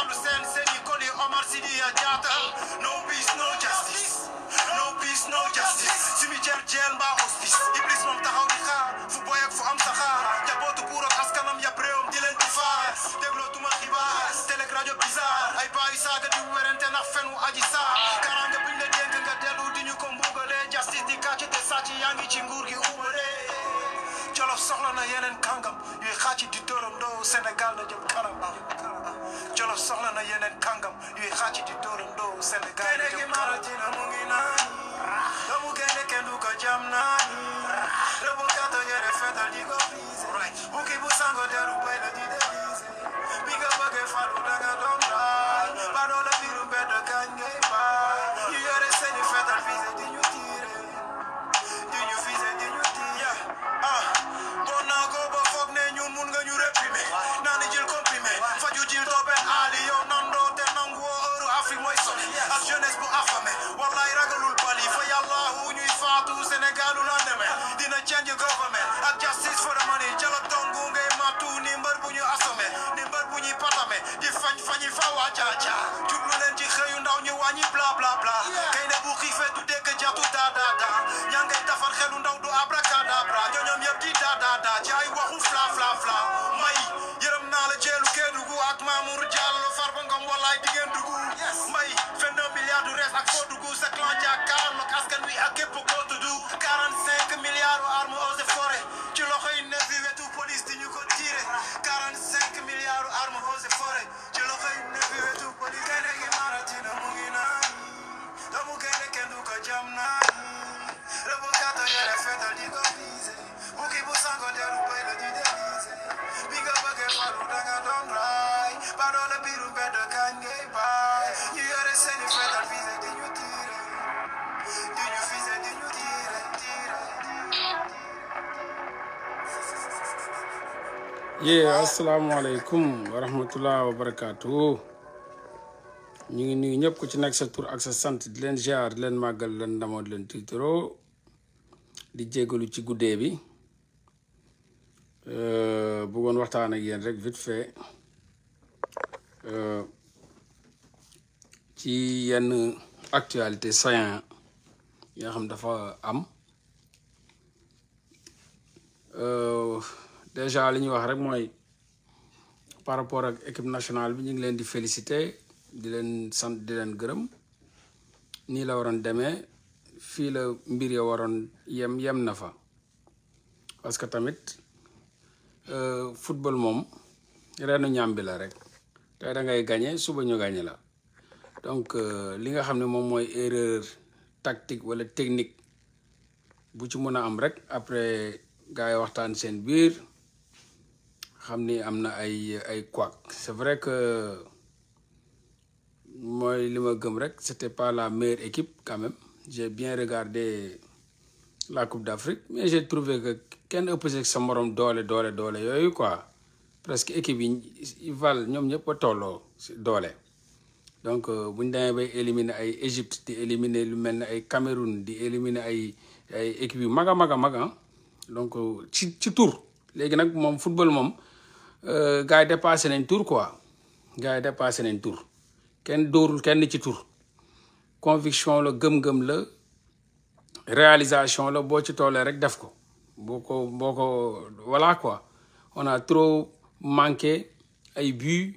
Mamadou Sène Seyni Koli Omar Sidiya Diatta no peace no justice no peace no justice cimetière jeel mbaa hospice Iblis moom taxaw di xaar fu boy ak fu am saxaar jabootu buur ak askanam yab di leen di faar dégloo tuma xibaar télé rajo bizarre ay baayu saaga di werante nax fen wu aji saar karange buñ la dénk nga dellu di ñu ko mbugalee justice di kàcc te sàcc ci nguur gi ndax soxla na yeneen kàngam yuy xaaci di dóorandoo Sénégal na jëm kanam Jolof soxla na yeneen kàngam yuy xaaci di dóorandoo Sénégal na jëm kanam mu ngi naan doomu gaynde kenn du ko jam naan doomu gàtto yore fetal di ko brisé bukki bu sango deru bay la di délise bi lu la demee dina change government ak justice for the money jala tongu ngay matu ni mbër bu ñu asome ni mbër bu ñuy patame di fañ fañi fa waa caaca jublu leen ci xëyu ndaw ñu wàññi bla bla bla kay ne bu xiifee du dégg jaatu daa daa daa ñaa ngay defar xelu ndaw du abracadabra ñoñoom yëpp di daa daa daa ci ay waxu fla fla may yërëm naa la jeelu kee ak Mamour Diallo Farba Ngom wallaay di ngeen dugg mbay 22 milliards du ak foo dugg sa clan jàkkaarloo ak askan wi ak képp koo tudd 45 milliards arme eaux ci loxoy neuf yi wetu police di ñu ko tiire 45 milliards arme eaux ci loxoy neuf yi wetu police gaynde gi maratina mu ngi naan doomu gaynde kenn du ko jam naan rebokato yore fetal di ko bise bu ki bu sango deru bay la xaaru danga doon raay badoole ñu yore seeni wa barakaatu ñu ngi nuyu ñëpp ku ci nekk sa tur ak sa sant di leen ger leen màggal leen ndamoo di leen tiitaroo di jégalu ci guddee bi Euh, bëggoon waxtaan ak yéen rek vite fait euh, ci yenn actualité saillant yi nga xam dafa am euh, déjà li ñuy wax rek mooy par rapport ak équipe nationale bi ñu ngi leen di féliciter di leen sant di leen gërëm nii la waroon demee fii la mbir ya waroon yem yem na fa parce que tamit Euh, football moom reenu ñaam bi la rek tey da ngay gagné suba ñu gagné la donc euh, li nga xam ne moom mooy erreur tactique wala technique bu ci mën a am rek après gars yi waxtaan seen biir xam ni am na ay ay couac c'est vrai que mooy li ma gëm rek c'était pas la meilleure équipe quand même j'ai bien regardé la Coupe d'Afrique mais j'ai trouvé kenn ëpp si sa morom doole doole doole yooyu quoi presque équipe yi val ñoom ñëpp a tolloo doole donc euh, bu ñu demee bay éliminer ay Égypte di éliminer lu mel ne ay Cameroun di éliminer ay ay équipe yu mag a mag a mag donc euh, ci ci léegi nag moom football moom euh, gars yi nañ tour quoi gars yi nañ tour kenn doorul kenn ci tour conviction la gëm-gëm la réalisation la boo ci tollee rek def ko boo ko boo ko voilà quoi on trop manqué ay buts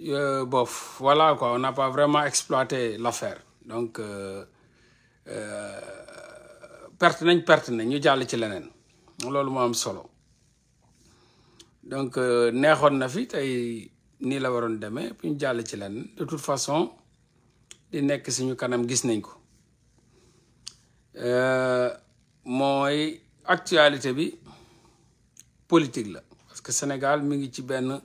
euh, bof voilà quoi on n'a pas vraiment exploité l'affaire donc euh, euh, perte nañ perte nañ ñu jàll ci leneen loolu moo am solo donc neexoon na fi tey nii la waroon demee bu ñu jàll ci leneen de toute façon di nekk suñu kanam gis nañ ko. mooy actualité bi politique la parce que Sénégal mi ngi ci benn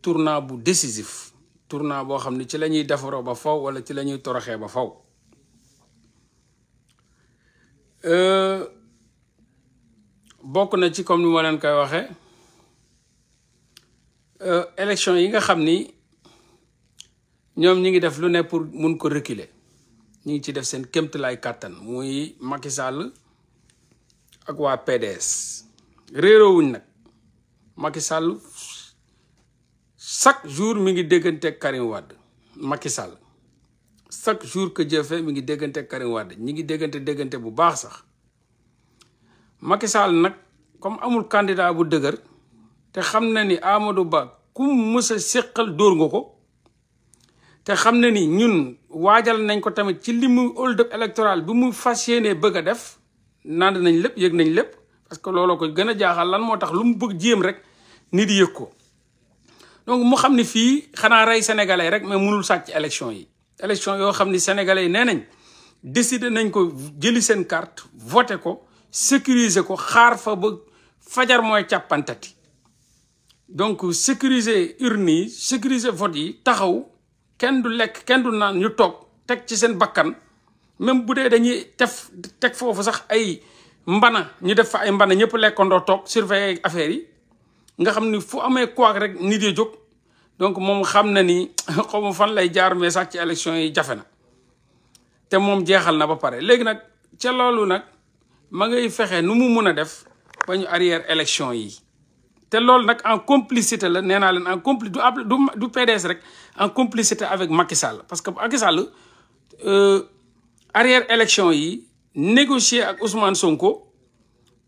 tournant bu décisif tournant boo xam ne ci la ñuy defaroo ba faw wala ci la ñuy toroxee ba faw euh, bokk na ci comme ni ma leen koy waxee euh, élection yi nga xam ni ñoom ñi ngi def lu ne pour mun ko reculer ñu ngi ci def seen kéemtalaay kàttan muy Macky Sall ak waa PDS réeroowuñ nag Macky Sall chaque jour mi ngi dégganteeg Karim Wade Sall chaque jour que Dieu mi ngi dégganteeg Karim ñi ngi déggante déggante bu baax sax Macky nag comme amul candidat bu dëgër te xam na ni Amadou Ba ku mësa a séqal dóor nga ko te xam na ni ñun waajal nañ ko tamit ci li mu hold up électoral bi mu fas yéenee bëgg a def nand nañ lépp yëg nañ lépp parce que looloo ko gën a jaaxal lan moo tax lu mu bëgg jéem rek nit yëg ko donc mu xam ni fii xanaa rey sénégalais rek mais munul sàcc élection yi élection yoo xam ni sénégalais yi nee nañ décider nañ ko jëli seen carte voté ko sécuriser ko xaar fa ba fajar mooy càppantati donc sécuriser urne yi sécuriser vote yi taxaw kenn du lekk kenn du naan ñu toog teg ci seen bakkan même bu dee dañuy tef teg foofu sax ay mbana ñu def fa ay mbana ñëpp doo toog surveiller affaire yi nga xam ni fu amee kuwaak rek nit yi jóg donc moom xam na ni xaw fan lay jaar mais sax ci yi jafe na te moom jeexal na ba pare léegi nag ca loolu nag ma ngay fexe nu mu mun a def ba ñu arrière élection yi te loolu nag en complicité la nee naa leen en compli du du PDS rek en complicité avec Macky parce que Macky Sall euh, arrière élection yi négocier ak Ousmane Sonko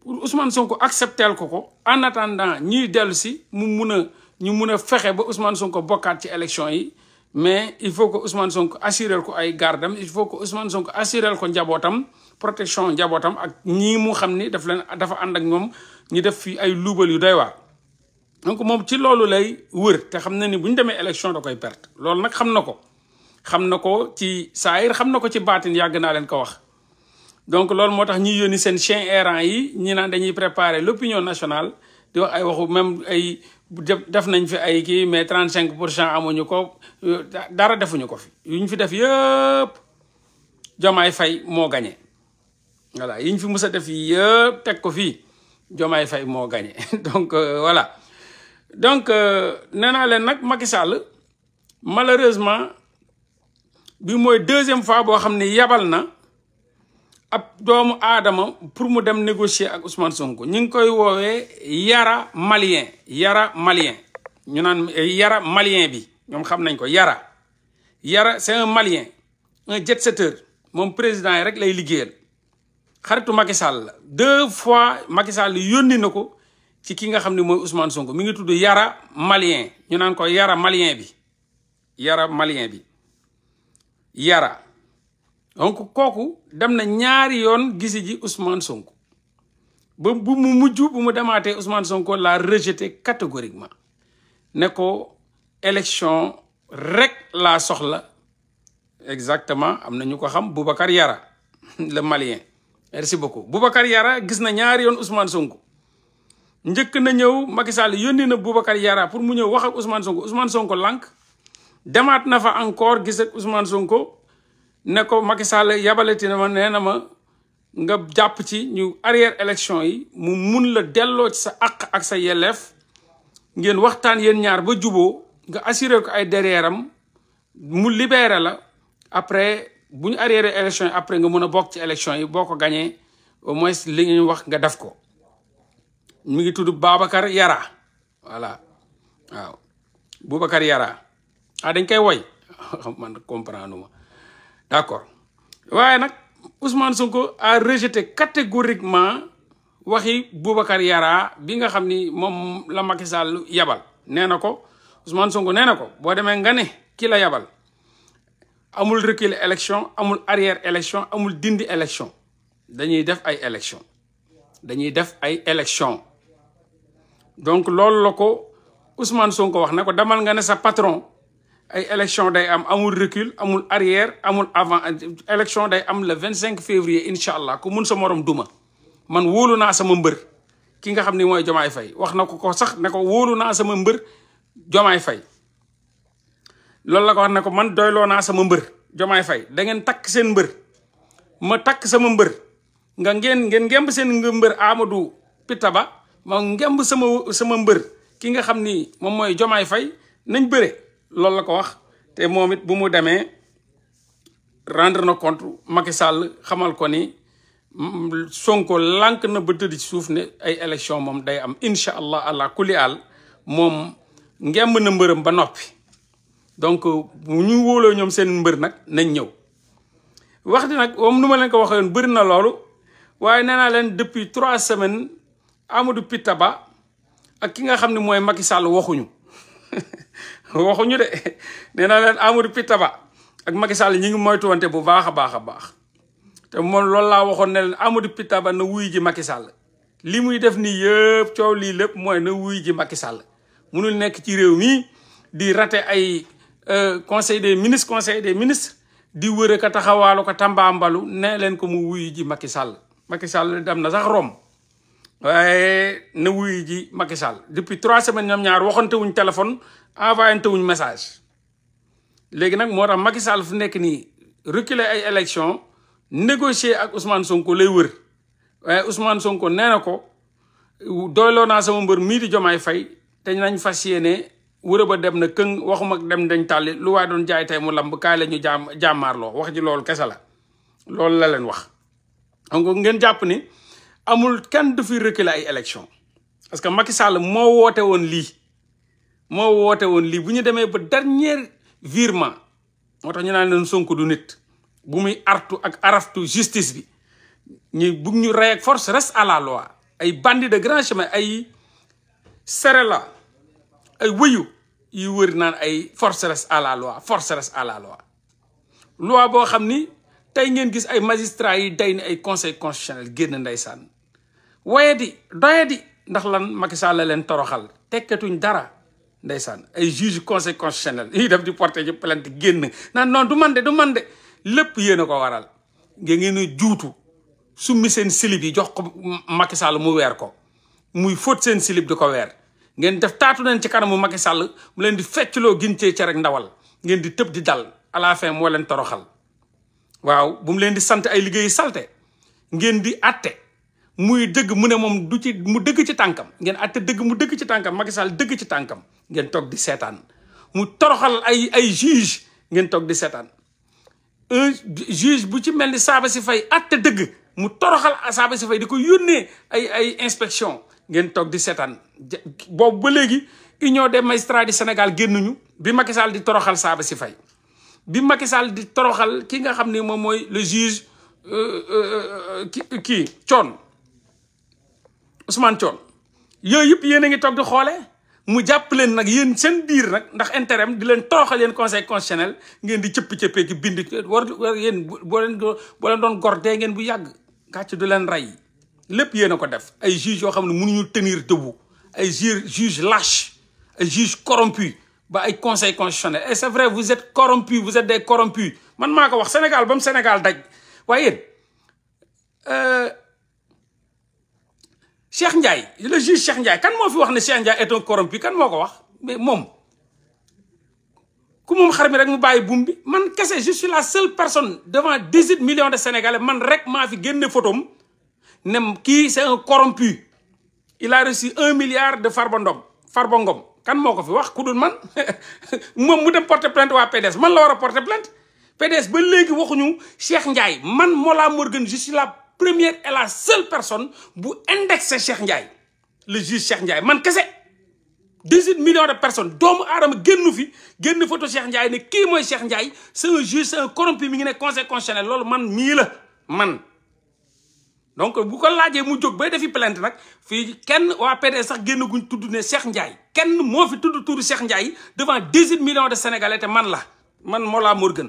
pour Ousmane Sonko accepteel ko ko en attendant ñuy dellu si mu mun a ñu mun a fexe ba Ousmane Sonko bokkaat ci élection yi mais il faut que Ousmane sonk assurer ko ay gardem il faut que Ousmane Sonko assurel ko njabootam protection njabootam ak ñii mu xam ni daf leen dafa ànd ak ñoom ñu def fii ay luubal yu day waa donc moom ci loolu lay wër te xam na ni bu ñu demee élection da koy perte lool nag xam na ko xam na ko ci saayir xam na ko ci baatin yàgg naa leen ko wax donc loolu moo tax ñuy yónni seen chien errant yi ñi naan dañuy préparer l'opinion nationale di wax ay waxu même ay def nañ fi ay kii mais trente cinq pour cent amuñu ko euh, dara defuñu ko fi ñu fi def yëpp jomaay fay moo gañe voilà yiñ fi mus a def yëpp teg ko fii jomaay fay moo gañe donc euh, voilà donc euh, nee naa leen nag Macky malheureusement bi mooy deuxième fois boo xam ne yabal na ab doomu aadama pour mu dem négocier ak Ousmane Sonko ñu ngi koy woowee yara malien yara malien ñu naan eh, yara malien bi ñoom xam nañ ko yara yara c'est un malien un jet-setteur moom président yi rek lay liggéeyal xaritu Macky la deux fois Macky Sall yónni na ko ci ki nga xam ne mooy Ousmane Sonko mu ngi tudd Yara Malien ñu naan ko Yara Malien bi Yara Malien bi Yara donc kooku dem na ñaari yoon gisi ji Ousmane Sonko ba bu mu mujj bu mu demaatee Ousmane Sonko la rejeté catégoriquement ne ko élection rek laa soxla exactement am na ñu ko xam Boubacar Yara la Malien merci beaucoup Boubacar Yara gis na ñaari yoon Ousmane Sonko njëkk na ñëw Macky Sall yónni na Boubacar Yara pour mu ñëw wax ak Ousmane Sonko Ousmane Sonko lànk demaat na fa encore gis ak Ousmane Sonko ne ko Macky Sall yabalati na ma nee na ma nga jàpp ci ñu arrière élection yi mu mun la delloo ci sa àq ak sa yelleef ngeen waxtaan yéen ñaar ba juboo nga assuré ko ay derrière mu libéré la après bu ñu arrière élection yi après nga mën a bokk ci élection yi boo ko gañee au moins li ñu wax nga def ko mi ngi tudd Babacar Yara voilà waaw Boubacar Yara ah dañ koy woy man comprendre ma d' accord waaye nag Ousmane Sonko a rejeté catégoriquement waxi Boubacar Yara bi nga xam ni moom la Macky Sall yabal nee na ko Ousmane Sonko nee na ko boo demee nga ne ki yabal amul recul élection amul arrière élection amul dindi élection dañuy def ay élection dañuy def ay élection donc loolu la ko Ousmane ko wax ne ko demal nga ne sa patron ay élection day am amul recul amul arrière amul avant élection day am la vingt cinq février incha allah ku mun sa morom duma man wóolu naa sama mbër ki nga xam ni mooy Jomaay Fay wax na ko ko sax ne ko wóolu naa sama mbër Jomaay Fay loolu la ko ne ko man doyloo naa sama mbër Jomaay Fay da ngeen takk seen mbër ma takk sama mbër nga ngeen ngeen ngemb seen mbër Amadou Pitaba ma ngemb sama sama mbër ki nga xam ni moom mooy jomaay fay nañ bëre loolu la ko wax te moom it bu mu demee rendre na compte Macky Sall xamal ko ni Sonko lank na ba tëdd ci suuf ne ay élection moom day am incha allah allah kulli àll moom ngemb na mbërëm ba noppi donc bu ñu wóoloo ñoom seen mbër nag nañ ñëw wax di nag moom nu ma leen ko waxee woon bëri na loolu waaye nee leen depuis trois semaines Amadou Pita Ba ak ki nga xam ne mooy Macky Sall waxuñu waxuñu de nee naa leen Amadou Pita Ba ak Macky Sall ñi ngi moytuwante bu baax a baax a baax te moom loolu laa waxoon ne leen Amadou Pita na wuy ji Macky Sall li muy def nii yëpp coow lii lépp mooy na wuy ji Macky Sall munul nekk ci réew mi di rate ay euh, conseil des ministres conseil des ministres di wër a ko taxawaalu ko tambaambalu ne leen ko mu wuy ji Macky Sall Macky Sall dem na sax Rome waaye na wuyu ji Sall depuis trois semaines ñoom ñaar waxante wuñ téléphone envoyante wuñ message léegi nag moo tax Macky Sall fu nekk nii reculer ay élection négocier ak Ousmane Sonko lay wër waaye Ousmane Sonko nee na ko doyloo naa sama mbër mii di Diomaye Faye te nañ fas yéene wërë ba dem na këng waxuma dem dañ tàlli lu waaye doon jaay mu lamb kaay la ñu jaam jàmmaarloo wax ji loolu kese la loolu la leen wax donc ngeen jàpp ni amul kenn du fi reculer ay élection parce que Macky Sall moo woote woon lii moo woote woon lii bu ñu demee ba dernier virement moo tax ñu naan leen Sonko du nit bu muy artu ak araftu justice bi ñu bugg ñu rey ak force reste à la loi ay bandi de grand chemin ay serela ay wëyu yu wëri naan ay force reste à la loi force reste à la loi loi boo xam ni tey ngeen gis ay magistrats yi day ni ay conseil constitutionnel génn ndeysaan waye di doye di ndax lan Macky Sall la leen toroxal teketuñ dara ndeysaan ay juge conseil constitutionnel yi def di porte ci plainte génn naan noon du man de du man de lépp yéen a ko waral ngeen ngeen a juutu summi seen silib yi jox ko Macky Sall mu weer ko muy fóot seen silib di ko weer ngeen def taatu nañ ci kanamu Macky Sall mu leen di fecculoo gincee ca rek ndawal ngeen di tëb di dal à la fin moo leen toroxal waaw bu mu leen di sant ay liggéeyu salte ngeen di atte muy dëgg mu ne moom du ci mu dëgg ci tànkam ngeen atte dëgg mu dëgg ci tànkam Macky Sall dëgg ci tànkam ngeen toog di seetaan mu toroxal ay ay juge ngeen toog di seetaan un bu ci mel ni saaba Sabassy Faye atte dëgg mu toroxal Sabassy Faye di ko yónnee ay ay inspection ngeen toog di seetaan boobu ba léegi Union de magistrats du Sénégal génnuñu bi Macky Sall di toroxal si fay bi Macky Sall di toroxal ki nga xam ne moom mooy le juge euh, euh, euh, kii coon Ousmane Thion yooyu yëpp yéen a ngi toog di xoole mu jàpp leen nag yéen seen biir nag ndax intérêt di leen tooxal yéen conseil constitutionnel ngeen di cëpp cëpp ki bind war war yéen boo leen boo leen doon gor dee ngeen bu yàgg gàcc du leen rey lépp yéen a ko def ay juge yoo xam ne mënuñu tenir debout ay juge juge lâche ay juge corrompu ba ay conseil constitutionnel et c'est vrai vous êtes corrompu vous êtes des corrompus man maa ko wax Sénégal ba Sénégal daj waaye yéen euh, Cheikh Ndiaye le juge Cheikh Ndiaye kan moo fi wax ne Cheikh Ndiaye est un corrompu kan moo ko wax mais moom ku moom xar mi rek mu bàyyi buum bi man kese je suis la seule personne devant 18 millions de sénégalais man rek maa fi génne photom ne kii c'est un corrompu il a reçu un milliard de Farba Ngom Farba Ngom kan moo ko fi wax ku dul man moom mu dem porter plainte wa PDS man la war a porter plainte PDS ba léegi waxuñu Cheikh Ndiaye man moo Morgun je la première et la seule personne bu indexé Cheikh Ndiaye le juge Cheikh Ndiaye man kese 18 millions de personne doomu aadama génnu fi génn photo Cheikh Ndiaye ne kii mooy Cheikh Ndiaye c'est un juge c'est un corrompu mi ngi ne conseil constitutionnel loolu man mii la man. donc bu ko laajee mu jóg bay defi plainte nag fii kenn waa PDS sax génn guñ tudd ne Cheikh Ndiaye kenn moo fi tudd tuuru Cheikh Ndiaye devant 18 millions de sénégalais man la man moo Mollah Morgun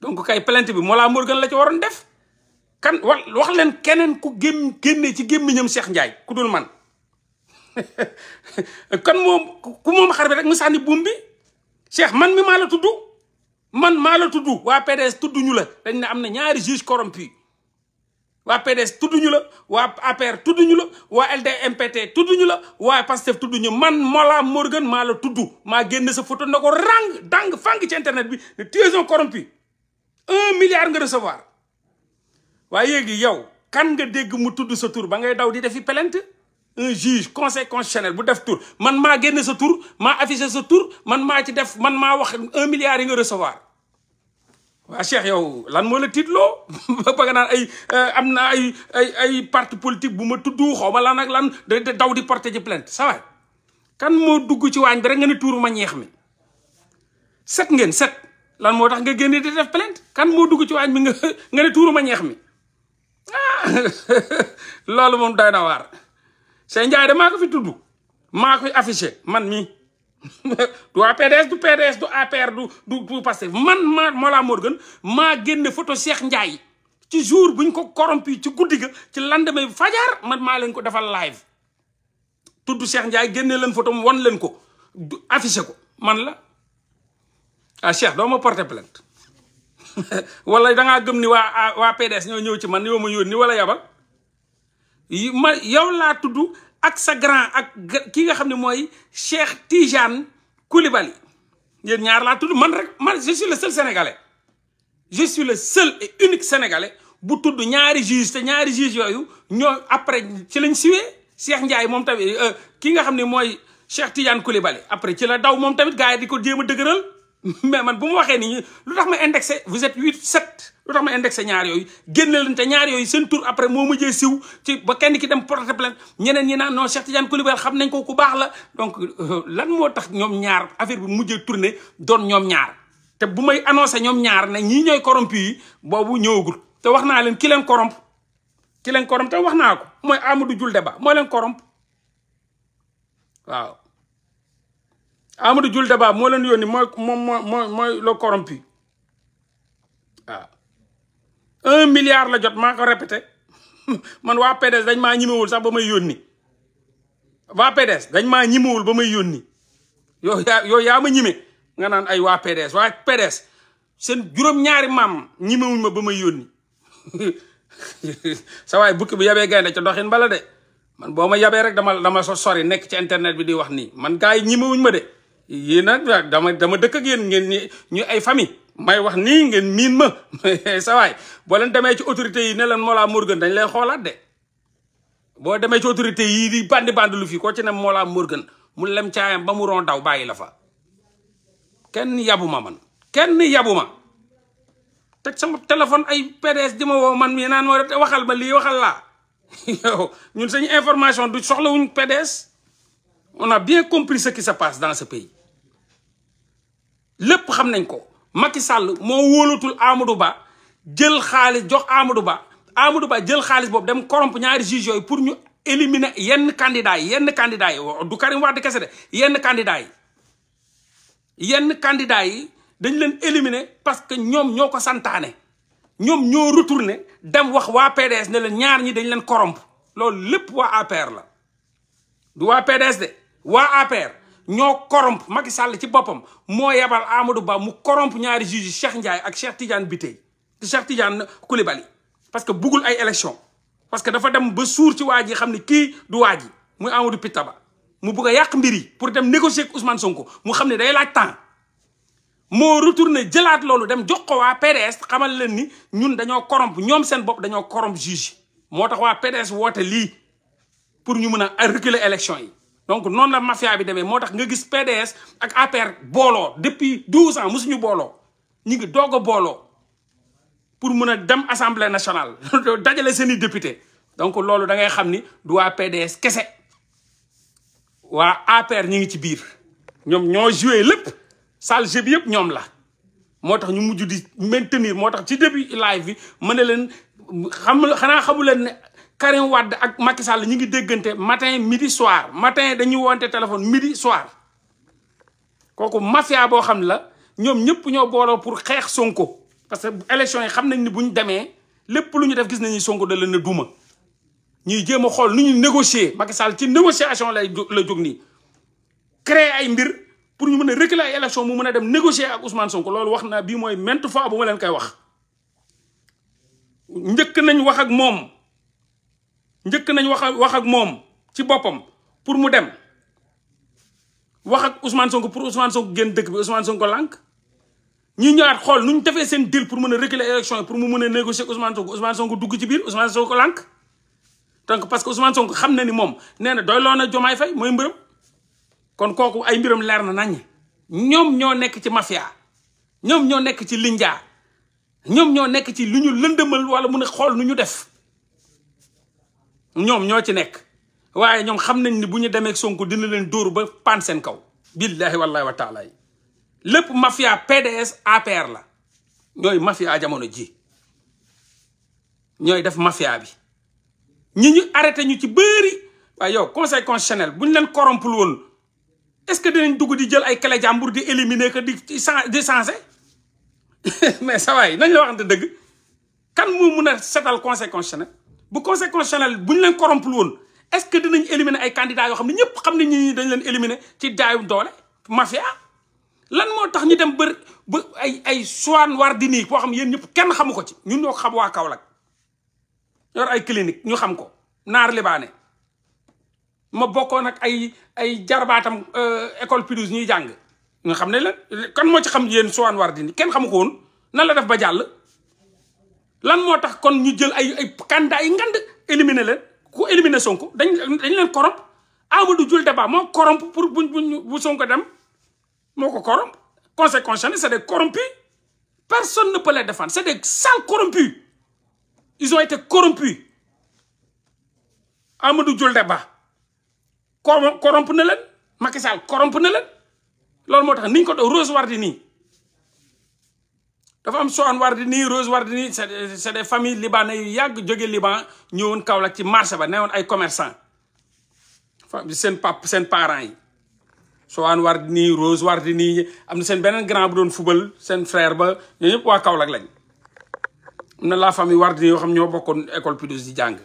donc kay plainte bi Mollah Morgun la ci waroon def. kan wax leen keneen ku génn génne ci gémmiñam Cheikh Ndiaye ku dul man kan moom ku moom xar bi rek mu sànni buum bi Cheikh man mi maa la tudd man maa la tuddu waa PDS tudd ñu la dañ ne am na ñaari juge corrompu waa PDS tudd ñu la waa APR tudd ñu la waa LDMPT tudd ñu la waa PASTEF tudd ñu man Mollah Morgun maa la tudd maa génn sa photo na ko rang dang fang ci internet bi ne tu es un milliard nga recevoir. waaye yéegi yow kan nga dégg mu tudd sa tur ba ngay daw di defi plainte un juge conseil constitutionnel bu def tur man maa génne sa tur maa affiché sa tur man maa ci def man maa wax un milliard yi nga recevoir waa Cheikh yow lan moo la tiitloo ba nga naan ay euh, am na ay ay ay parti politique bu ma tudd xaw ma lan ak lan da daw di porté ji plainte ça kan moo dugg ci waañ bi rek nga ne tuuru ma ñeex mi set ngeen set lan moo tax nga génne di def plainte kan moo dugg ci waañ bi nga nga ne tuuru ma mi loolu moom doy na waar Cheikh Ndiaye de maa ko fi tudd maa koy affiché man mi du APDS du PDS du APR du du du Pastef man maa Mollah Morgun maa génne foto Cheikh Ndiaye ci jour buñ ko corrompu ci guddi ga ci lendemain fajar man maa leen ko defal live tudd seex Ndiaye génne leen photo mu wan leen ko du affiché ko man la a ah, Cheikh doo ma porter wala dangaa gëm ni waa ah, waa PDS ñoo ñëw ci man yoo ma yónni wala yabal ma yow laa tudd ak sa grand ak ki nga xam ne mooy Cheikh Tidiane Koulibaly yéen ñaar laa tudd man rek man je suis le seul sénégalais je suis le seul unique sénégalais bu tudd ñaari juge ñaari juge yooyu ñoo après ci lañ siwee Cheikh Ndiaye moom tamit euh, ki nga xam ne mooy Cheikh Tidiane Koulibaly après ci la daw moom tamit gaay di ko jéem a dëgëral mais man bu mu waxee nii lu tax ma indexé vous êtes huit sept lu tax ma indexé ñaar yooyu génne leen te ñaar yooyu seen tour après moo mujjee siw ci ba kenn ki dem porter plainte ñeneen ñi naan non Cheikh Tidiane Coulibaly xam nañ ko ku baax la donc euh, lan moo tax ñoom ñaar affaire bu mujjee tourné doon ñoom ñaar te bu may annoncé ñoom ñaar ne ñii ñooy corrompu yi boobu ñëwagul te wax naa leen ki leen corromp ki leen te wax naa ko mooy Amadou Jules Déba moo leen corromp Amadou Diouf Daba moo leen yónni mooy moom mooy mooy le corrompu waaw ah. un milliard la jot maa ko répété man waa PDS dañ maa ñimewul sax ba may yónni waa PDS dañ maa ñimewul ba may yónni yow yaa yaa ma ñime nga naan ay waa PDS waa PDS seen juróom-ñaari maam ñimewuñ ma ba may yónni sa waay bukki bu yabee gaynde ca doxin bala de man boo ma yabee rek dama dama so sori nekk ci internet bi di wax ni man gars yi ñimewuñ ma de yii nag dama dama dëkk ak yéen ngeen ñu ay famille may wax nii ngeen miin ma sa boo leen demee ci autorité yi ne leen Mollah Morgun dañ lay xoolaat de boo demee ci autorité yi di bandi bandi lu fii ko ci ne Mollah Morgun mu lem caayam ba mu ron daw bàyyi la fa kenn yabu ma man kenn yabu ma teg sama téléphone ay PDS di ma woo man mii naan te waxal ma lii waxal laa ñun suñu information du soxlawuñ PDS on a bien compris ce qui se passe dans ce pays lépp xam nañ ko Macky Sall moo wóolatul Amadou Ba jël xaalis jox Amadou Ba Amadou Ba jël xaalis boobu dem corrompre ñaari juge yooyu pour ñu éliminer yenn candidats yenn candidats yi du Karim Wade kese de yenn candidats yenn candidats yi dañ leen éliminer parce que ñoom ñoo ko santaane ñoom ñoo retourné dem wax waa PDS ne leen ñaar ñi dañ leen corrompre loolu lépp waa APR la du waa PDS de waa APR ñoo corrompe Macky Sall ci boppam moo yebal Amadou Ba mu corrompe ñaari juge yi Cheikh Ndiaye ak Cheikh Tidiane Bitèye Cheikh Tidiane Koulibaly parce que buggul ay élection parce que dafa dem ba suur ci waa ji xam ne kii du waa ji muy Amadou Pita Ba mu bugg a yàq mbir yi pour dem négocier ak Ousmane Sonko mu xam ne day laaj temps moo retourner jëlaat loolu dem jox ko waa PDS xamal leen ni ñun dañoo corrompre ñoom seen bopp dañoo corrompre juge moo tax waa PDS woote lii pour ñu mën a reculer élection yi. donc noonu la mafia bi demee moo tax nga gis PDS ak APR booloo depuis douze ans musuñu booloo ñu ngi doog a booloo pour mun a dem assemblée nationale dajale seen i député donc loolu da ngay xam ni duwaa waa PDS kese waa APR ñu ngi ci biir ñoom ñoo joué lépp sale jeu bi yëpp ñoom la moo tax ñu mujj di maintenir moo tax ci début live bi ma ne leen xam xanaa xamu leen ne Karim wàdd ak Macky Sall ñu ngi déggante matin midi soir matin dañu wonte téléphone midi soir kooku mafia boo xam la ñoom ñëpp ñoo booloo pour xeex Sonko parce que élection yi xam nañ ni bu ñu demee lépp lu ñu def gis nañu Sonko da leen a ñuy jéem a xool nu ñuy négocier Macky Sall ci négociation lay la jóg nii créer ay mbir pour ñu mën a reculer ay élection mu mën a dem négocier ak Ousmane Sonko loolu wax naa bii mooy maintes fois bu ma leen koy wax njëkk nañ wax ak moom. njëkk nañ wax wax ak moom ci boppam pour mu dem wax ak Ousmane Sonko pour Ousmane Sonko génn dëkk bi Ousmane Sonko lànk ñu ñëwaat xool nu ñu defee seen deal pour mën a reculer élection yi pour mu mën a négocier Ousmane Sonko Ousmane Sonko dugg ci biir Ousmane Sonko lànk donc parce que Ousmane sonk xam na ni moom nee na doy loo na Jomaay Fay mooy mbërëm kon kooku ay mbiram leer na nañ ñoom ñoo nekk ci mafia ñoom ñoo nekk ci linja ñoom ñoo nekk ci lu ñu lëndëmal wala mun a xool nu ñu def ñoom ñoo ci nekk waaye ñoom xam nañ ni bu ñu demee Sonko dina leen dóor ba pan seen kaw billaahi wallaahi wa taala yi lépp mafia PDS APR la ñooy mafia jamono ji ñooy def mafia bi ñi ñu arrêté ñu ci bëri waaye yow conseil constitutionnel bu ñu leen corrompre woon est-ce que dinañ dugg di jël ay clé jàmbur di éliminer que di di sensé mais sa waay nañ la waxante dëgg kan moo mun a setal conseil constitutionnel bu conseil constitutionnel bu ñu leen corrompre woon est-ce que dinañ éliminer ay candidats yoo xam ne ñëpp xam ne ñu dañ leen éliminer ci daayu doole mafia lan moo tax ñu dem bër ba ay ay Soham Wardini koo xam yéen ñëpp kenn xamu ko ci ñun ñoo xam waa Kaolack ay clinique ñu xam ko naar libaane ma bokkoon ak ay ay jarbaatam euh, école Pidouze ñuy jàng nga xam ne la kan moo ci xam yéen Soham Wardini kenn xamu ko woon nan la def ba jàll lan moo tax kon ñu jël ay ay candidats yi ngand éliminer leen ku éliminer Sonko dañ dañ leen corrompre Amadou Diouf débat moo corrompre pour buñ buñ bu Sonko dem moo ko corrompre conseil constitutionnel c'est des corrompus personne ne peut les défendre c'est des sales corrompus ils ont été corrompus Amadou Diouf débat corrompre na leen Macky Sall corrompre na leen loolu moo tax niñ ko doon Rose Wardini nii dafa am Soham Wardini Rose Wardini c'est des familles libanais yu yàgg jóge Liban ñëwoon Kaolack ci marché ba newoon ay commerçant seen pap seen parents yi Soham Wardini Rose nii am na seen beneen grand bu doon fubal seen frère ba ñoo ñëpp waa Kaolack lañ am na la famille Wardini yoo xam ñoo bokkoon école Pidouze di jàng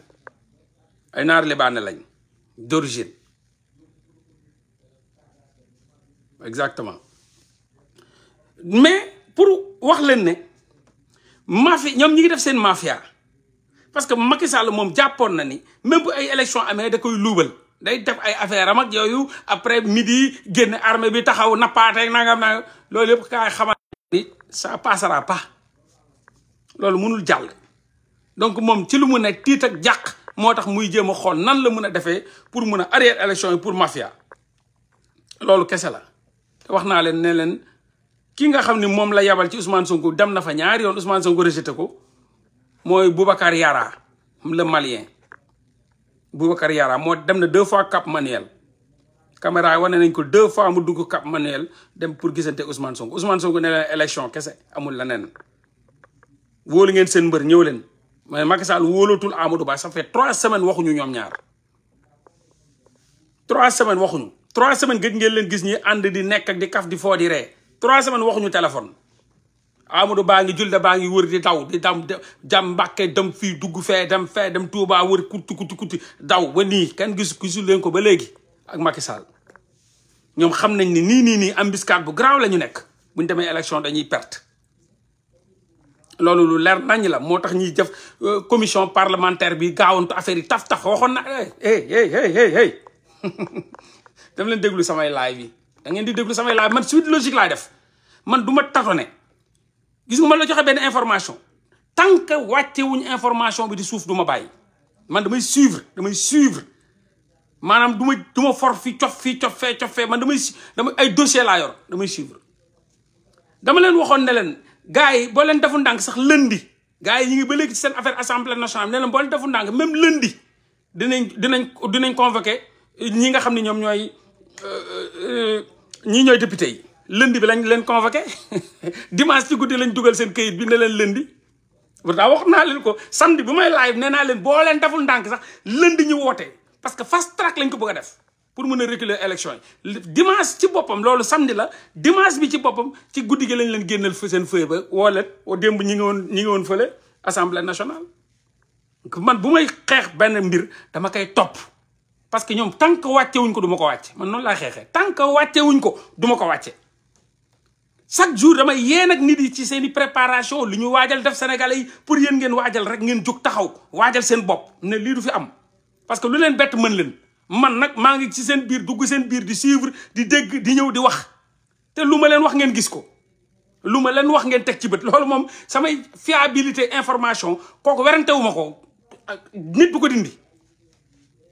ay naar libanais lañ d'origine exactement pour wax leen ne mafia ñoom ñi ngi def seen mafia parce que Macky Sall moom jàppoon na ni même bu ay élection amee da koy luubal day def ay affaire am ak yooyu après midi génn armée bi taxaw nappaatee nangam naa loolu yëpp kaay xamal ni ça passera pas loolu mënul jàll donc moom ci lu mu ne tiit ak jàq moo tax muy jéem a xool nan la mun a defee pour mun a arrière élection yi pour mafia loolu kese la wax naa leen ne leen ki nga xam ne moom la yabal ci Ousmane Sonko dem na fa ñaar yoon Ousmane Sonko rejeté ko mooy Boubacar Yara le Malien Boubacar Yara moo dem na deux fois Cap Manuel caméra wane nañ ko deux fois mu dugg Cap Manuel dem pour gisante Ousmane Sonko Ousmane Sonko ne élection kese amul leneen woolu ngeen seen mbër ñëw leen mais Macky Sall wóolatul Amadou Ba ça fait trois semaines waxuñu ñoom ñaar trois semaine waxuñu trois semaine gëj ngeen leen gis ñi ànd d nekk ak di kaf trois semaines waxuñu téléphone Amadou baa ngi julde baa ngi wër di daw di dam jam Mbàkke dem fii dugg fee dem fee dem Touba wër kuti kuti kuti daw ba nii kenn gis gisul leen ko ba léegi ak Macky Sall ñoom xam nañ ni nii nii nii embuscade bu garaaw la ñu nekk buñ ñu demee élection dañuy perte loolu lu leer nañ la moo tax ñuy def euh, commission parlementaire bi gaawantu affaire yi taf taf waxoon na eh, eh, eh, eh dem leen déglu samay laay bi da ngeen di déglu samay laaj man suite logique laa def man du ma tâtonner gis nga ma la joxe benn information tant que wàcce wuñ information bi di suuf du ma bàyyi man damay suivre damay suivre maanaam du ma du for fi cof fii cof fee cof fee man damay damay ay dossier laa yor damay suivre dama leen waxoon ne leen gars yi boo leen defu ndànk sax lëndi gars yi ñu ngi ba léegi seen affaire assemblée nationale ne leen boo leen defu ndànk même lëndi dinañ dinañ dinañ convoqué ñi nga xam ne ñoom ñooy euh, euh, euh, ñii ñooy député yi lënd bi lañ leen convoqué dimanche ci guddi lañ dugal seen këyit bi ne leen lënd pourtant wax naa leen ko samedi bu may live nee naa leen boo leen deful ndànk sax lënd ñu woote parce que fast track lañ ko bëgg a def pour mën a reculer élection yi. dimanche ci boppam loolu samedi la dimanche bi ci boppam ci guddi gi lañ leen génnal seen feuille ba woo leen démb ñi ngi woon ñi ngi woon fële assemblée nationale. man bu may xeex benn mbir dama koy topp. parce que ñoom tant wàcce wuñ ko du ko wàcce man noonu laa que wàcce ko du ko wàcce chaque jour damay yéen ak nit yi ci seen i préparation lu ñu waajal def Sénégalais yi pour yéen ngeen waajal rek ngeen jóg taxaw waajal seen bopp ne lii du fi am parce que lu leen bett mën leen man nag maa ngi ci seen biir dugg seen biir di suivre di dégg di ñëw di wax te lu ma leen wax ngeen gis ko lu ma leen wax ngeen teg ci bët loolu moom samay fiabilité information kooku werante wu ma ko nit bu ko dindi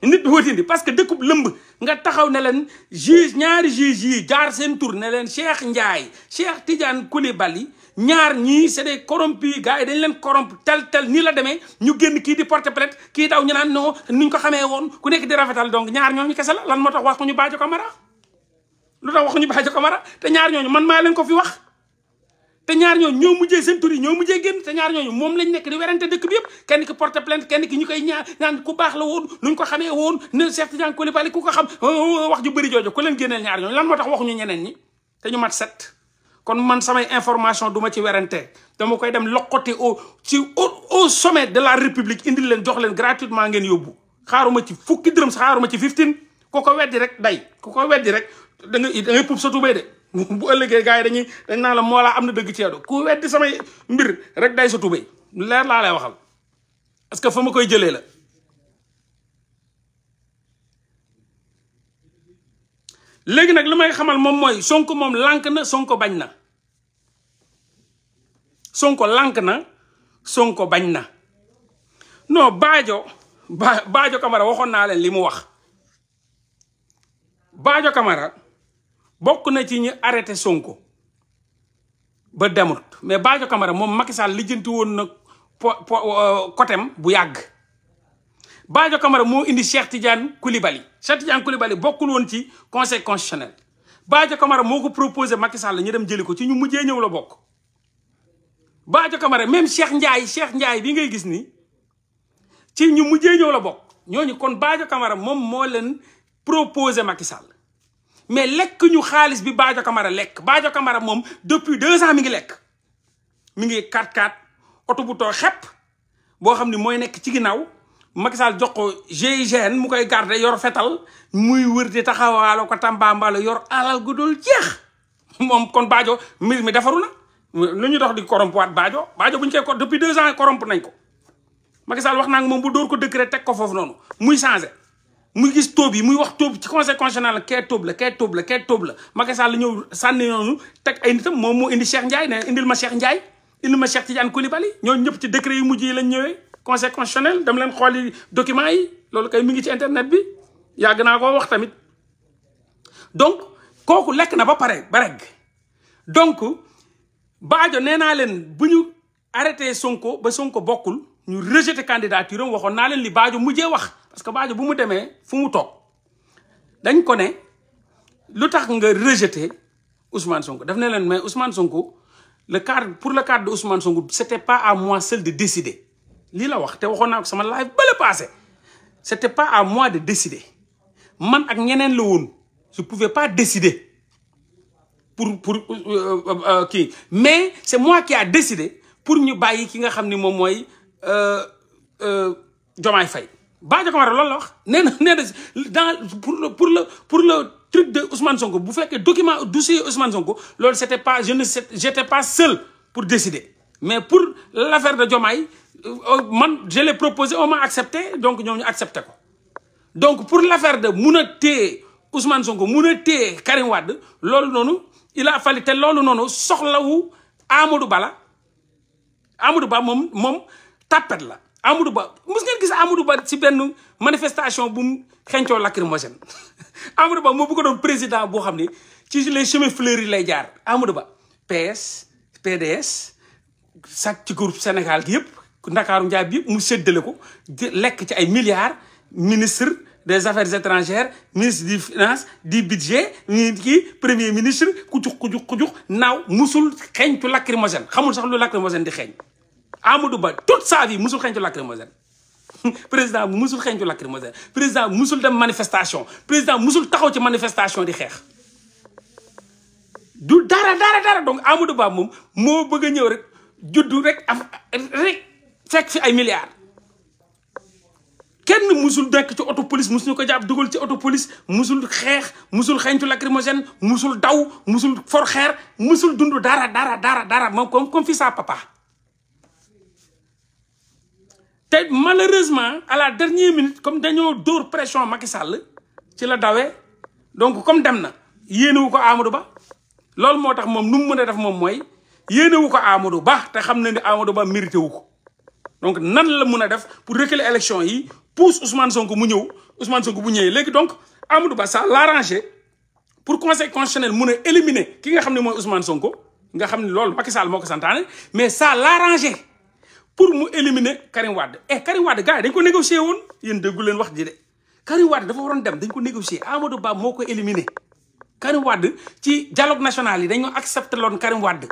nit bi parce que dëkkub lëmb nga taxaw ne leen juge ñaari juge yi jaar seen tur ne leen Cheikh Ndiaye Cheikh Tidiane Koulibaly ñaar ñii c'est des corrompus gars dañ leen corrompre tel tel nii la demee ñu génn kii di porte plainte kii daw ñu naan non nuñ ko xamee woon ku nekk di rafetal donc ñaar ñooñu kese la lan moo tax wax ko ñu Badio Camara lu tax wax ko ñu Badio Camara te ñaar ñooñu man maa leen ko fi wax te ñaar ñooñu ñoo mujjee seen tur yi ñoo mujjee génn te ñaar ñooñu moom lañ nekk di werante dëkk bi yëpp kenn ki porte plainte kenn ki ñu koy ñaar ñaan ku baax la woon nuñ ko xamee woon ne Cheikh Tidiane Coulibaly ku ko xam oh, oh, oh, wax ju bëri jooju ku leen génneel ñaar ñooñu lan moo tax waxuñu ñeneen ñi te ñu mat set kon man samay information du ma ci werante dama koy dem loqote au ci au sommet de la république indil leen jox leen gratuitement ngeen yóbbu xaaruma ci fukki dërëm xaaruma ci 15 ku ko weddi rek day ku ko weddi rek da nga da ngay puub sa bu ëllëgee gaa yi dañuy dañ naa la moo laa am na dëgg ceedu ku weddi samay mbir rek day sa tubéy leer laa lay waxal parce que fa ma koy jëlee la léegi nag li may xamal moom mooy Sonko moom lank na Sonko bañ na Sonko lank na Sonko bañ na non Badio baajo kamara waxoon naa leen li mu wax baajo kamara bokk na ci ñu arrêté Sonko ba demut mais Badio Camara moom Macky Sall lijjanti woon na po kotem euh, bu yàgg Badio Camara moo indi Cheikh Tidiane Koulibaly Cheikh Tidiane Koulibaly bokkul woon ci conseil constitutionnel Badio Camara moo ko proposé Macky la ñu dem jëli ko ci ñu mujjee ñëw la bokk. Badio Camara même Cheikh Ndiaye Cheikh Ndiaye bi ngay gis ni ci ñu mujjee ñëw la bokk ñooñu kon Badio Camara moom moo leen proposé Macky mais lekk ñu xaalis bi Badio Camara lekk Badio Camara moom depuis deux ans mi ngi lekk mu ngi 4-4 oto bu tooy xepp boo xam ni mooy nekk ci ginnaaw Macky Sall jox ko GIGN mu koy garder yor fetal muy wër di taxawaalo ko tambaambalo yor alal gu dul jeex moom kon Badio mbir mi defaru na lu ñu dox di corrompuwaat baajo Badio bu ñu koy ko depuis deux ans corrompu nañ ko Macky Sall wax naa moom bu dóor ko décret teg ko foofu noonu muy changé muy gis tóob yi muy wax tóob ci conseil constitutionnel la kee tóob la kee tóob la kee tóob la Macky Sall ñëw sànni noonu teg ay nitam moom moo indi Cheikh Ndiaye ne indil ma Cheikh Ndiaye indil ma Cheikh Tidiane Coulibaly ñoo ñëpp ci décret yu mujj yi lañ ñëwee conseil constitutionnel dama leen xooli document yi loolu kay mi ngi ci internet bi yàgg naa koo wax tamit donc kooku lekk na ba pare ba regg donc Badio nee naa leen bu ñu arrêté Sonko ba Sonko bokkul ñu rejeté candidature am waxoon naa leen li Badio mujjee wax parce que Badio bu mu demee fu mu toog dañ ko ne lu tax nga rejeté Ousmane Sonko daf ne leen mais Ousmane Sonko le cadre pour le cadre de Ousmane Sonko c'était pas à moi seul de décider lii la wax te waxoon naa ko sama live bala passé c'était pas à mois de décider man ak ñeneen la woon su pouvais pas décider pour pour euh, euh, euh, kii mais c'est moi qui a décidé pour ñu bàyyi ki nga xam ni moom mooy Diomaye Faye Badia Camara loolu la nee na nee pour le pour le pour le truc de Ousmane bu fekkee document dossier Ousmane Sonko loolu c' était pas je ne j' étais pour décider mais pour l' de Diomaye euh, oh, man je l'ai proposé on donc ñoom ñu accepté donc pour l' de mun a téye Ousmane Sonko mun a téye loolu noonu il a loolu noonu soxlawu Amadou Ba la Ba moom moom la. Amadou Ba mos ngeen gis Amadou Ba si benn manifestation bu mu xencoo lacrymogène Amadou Ba moo bu doon président boo xam ne ci les chemins fleuris lay jaar Amadou Ba PS PDS sax groupe Sénégal gi yëpp Ndakaaru Njaay bi yëpp mu seddale ko lekk ci ay milliards ministre des affaires étrangères ministre des finances du budget ñi kii premier ministre ku jux ku jux ku jux naaw musul xeeñtu lacrymogène xamul sax lu lakk lacrymogène di xeeñ Amadou Ba toute sa vie musul xeeñtu lacrymogène président bi musul xeeñtu lacrymogène président bi musul dem manifestation président musul taxaw ci manifestation di xeex du dara dara dara donc Amadou Ba moom moo bëgg a ñëw rek juddu rek am rek fekk fi ay milliards kenn musul dekk ci auto police musuñu ko jàpp dugal ci auto police musul xeex musul xeeñtu lacrymogène musul daw musul for xeer musul dundu dara dara dara dara moom comme comme fii sa papa te malheureusement à la dernier minute comme dañoo dóor pression Macky Sall ci la dawee donc comme dem na yéenewu ko Amadou Ba loolu moo tax moom nu mu mën a def moom mooy yéenewu ko Amadou Ba te xam na ni Amadou Ba mérité wu ko donc nan la mun a def pour reculer élection yi pousse Ousmane Sonko mu ñëw Ousmane Sonko bu ñëwee léegi donc Amadou Ba ça l'arrangé pour conseil constitutionnel mun a éliminer ki nga xam ne mooy Ousmane Sonko nga xam ne lool Macky Sall moo ko santaane mais ça l'arrangé pour mu éliminer Karim Wade eh Karim Wade gars yi dañ ko négocier woon yéen déggu leen wax ji de Karim Wade dafa waroon dem dañ ko négocier Amadou Ba moo ko éliminer Karim Wade ci dialogue national yi dañoo accepté loon Karim Wade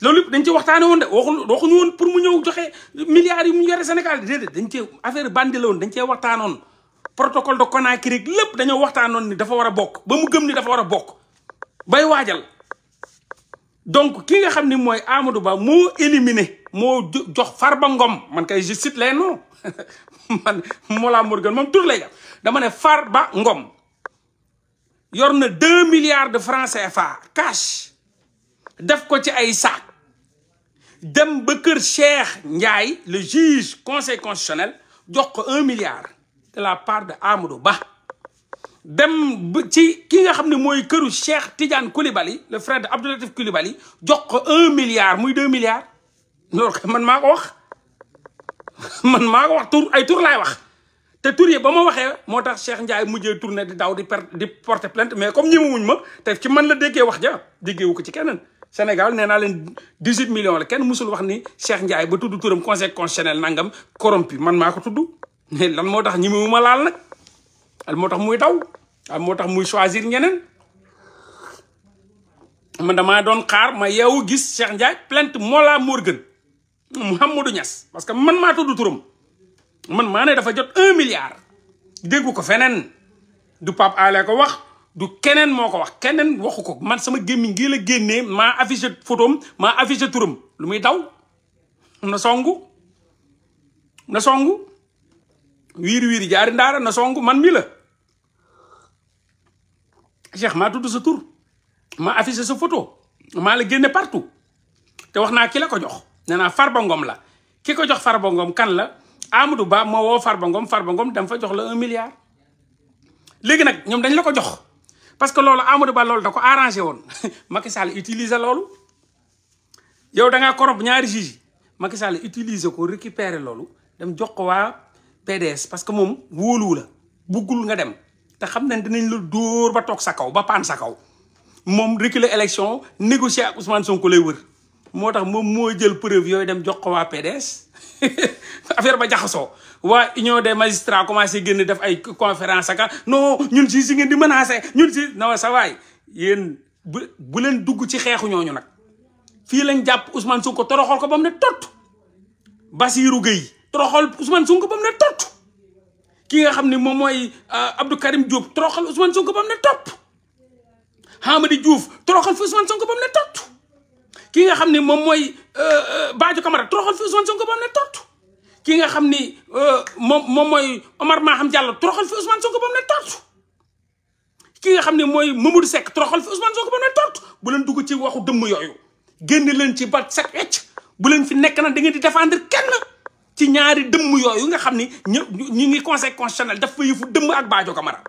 loolu yëpp dañ ci waxtaane woon de waxu waxuñu woon pour mu ñëw joxe milliards yi mu yore Sénégal déedéet dañ cee affaire bandi la woon dañ cee waxtaanoon protocole de Conakry lépp dañoo waxtaanoon ni dafa war a bokk ba mu gëm ni dafa war a bokk bay waajal donc ki nga xam ni mooy amado Ba moo éliminé moo jox far ba Ngom man kay je cite les noms man Mollah Morgun moom tur lay def dama ne far ba Ngom yor na deux milliards de francs CFA cash def ko ci ay saak dem ba kër Cheikh Ndiaye le juge conseil constitutionnel jox ko un milliard de la part de Amadou Ba dem ba ci ki nga xam ne mooy këru Cheikh Tidiane Koulibaly le frère de Abdou Latif Koulibaly jox ko un milliard muy deux milliards loolu kay man maa ko wax man maa ko wax tur ay tur laay wax te tur yi ba ma waxee moo tax Cheikh Ndiaye mujjee tourné di daw di per di porter plainte mais comme ñemewuñ ma te ci man la déggee wax ja déggeewu ko ci keneen Sénégal nee naa leen dix-huit million la kenn musul wax ni Cheikh Ndiaye ba tudd turam conséquence constitutionnel nangam corrompu man maa ko tudd lan moo tax ñemewu ma laal nag. moo tax muy daw moo tax muy choisir ñeneen man damaa doon xaar ma yeewu gis Cheikh Ndiaye plainte Mollah Morgun Mouhamadou ñas parce que man maa tudd turam man maa ne dafa jot ko feneen du ko wax du keneen moo ko wax keneen waxu ko man sama gémmiñ ngi la génnee maa affiché photom maa affiché turam lu muy daw na songu na songu wiir wiir jaari ndaara na songu man mi la Cheikh maa tudd sa tur maa affiché sa photo maa la génne partout te wax naa ki la ko jox nee naa Farba Ngom la ki ko jox Farba Ngom kan la Amadou Ba moo woo Farba Ngom Farba Ngom dama fa jox la un milliard léegi nag ñoom dañ la ko jox parce que loolu Amadou Ba loolu da ko arrangé woon Macky Sall utiliser loolu yow da ngaa korop ñaari juge Macky Sall utiliser ko récupérer loolu dem jox ko waa PDS parce que moom wóoluwu la buggul nga dem te xam nañ dinañ la dóor ba toog sa kaw ba paan sa kaw moom reculer élection négocier ak Ousmane ko lay wër moo tax moom moo jël preuve yooyu dem jox ko waa PDS affaire ba jaxasoo waa union des magistrats commencé génn def ay conférence ka non ñun si si ngeen di menacé ñun si non sa waay yéen bu bu leen dugg ci xeexu ñooñu nag fii lañ jàpp Ousmane ko toroxol ko ba mu ne tott Basirou Gueye toroxol Ousmane Sonko ba mu ne tott ki nga xam ne moom mooy euh, Abdou Karim Diop toroxal Ousmane Sonko ba mu ne topp Hamadi Diouf toroxal fi Ousmane Sonko ba mu ne tott ki nga xam ne moom mooy euh, Badio Camara toroxal fi Ousmane Sonko ba mu ne tott ki nga xam ni euh, moom moom mooy Omar Maham Diallo toroxal fi Ousmane Sonko ba mu ne tott ki nga xam ne mooy Mamadou sekk troxal fi Ousmane Sonko ba mu ne tott bu leen dugg ci waxu dëmm yooyu génn leen ci ba set wecc bu leen fi nekk nag da ngeen di défendre kenn ci ñaari dëmm yooyu nga xam ni ñu ñu ngi conseil constitutionnel daf fa yëfu dëmm ak Badio kamara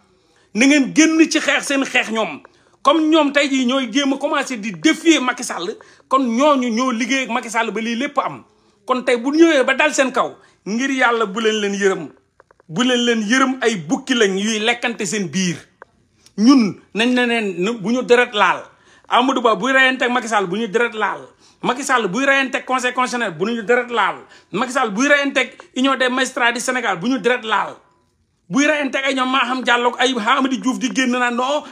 na ngeen génn ci xeex seen xeex ñoom comme ñoom tey jii ñooy jéem a commencé di défier Macky Sall kon ñooñu ñoo liggéey ak Macky ba lii lépp am kon tey bu ñëwee ba dal seen kaw ngir yàlla bu leen leen yërëm bu leen leen yërëm ay bukki lañ yuy lekkante seen biir ñun nañ ne neen bu ñu deret laal Amadou Ba bu reyante ak Macky Sall bu ñu deret laal Macky Sall buy reyanteeg conseil constitutionnel bu ñu deret laal Macky Sall buy reyanteeg union des magistrats du Sénégal bu ñu deret laal. buy reyanteeg ay ñoom maa xam Diallo ay Hamadi Diouf di génn naan non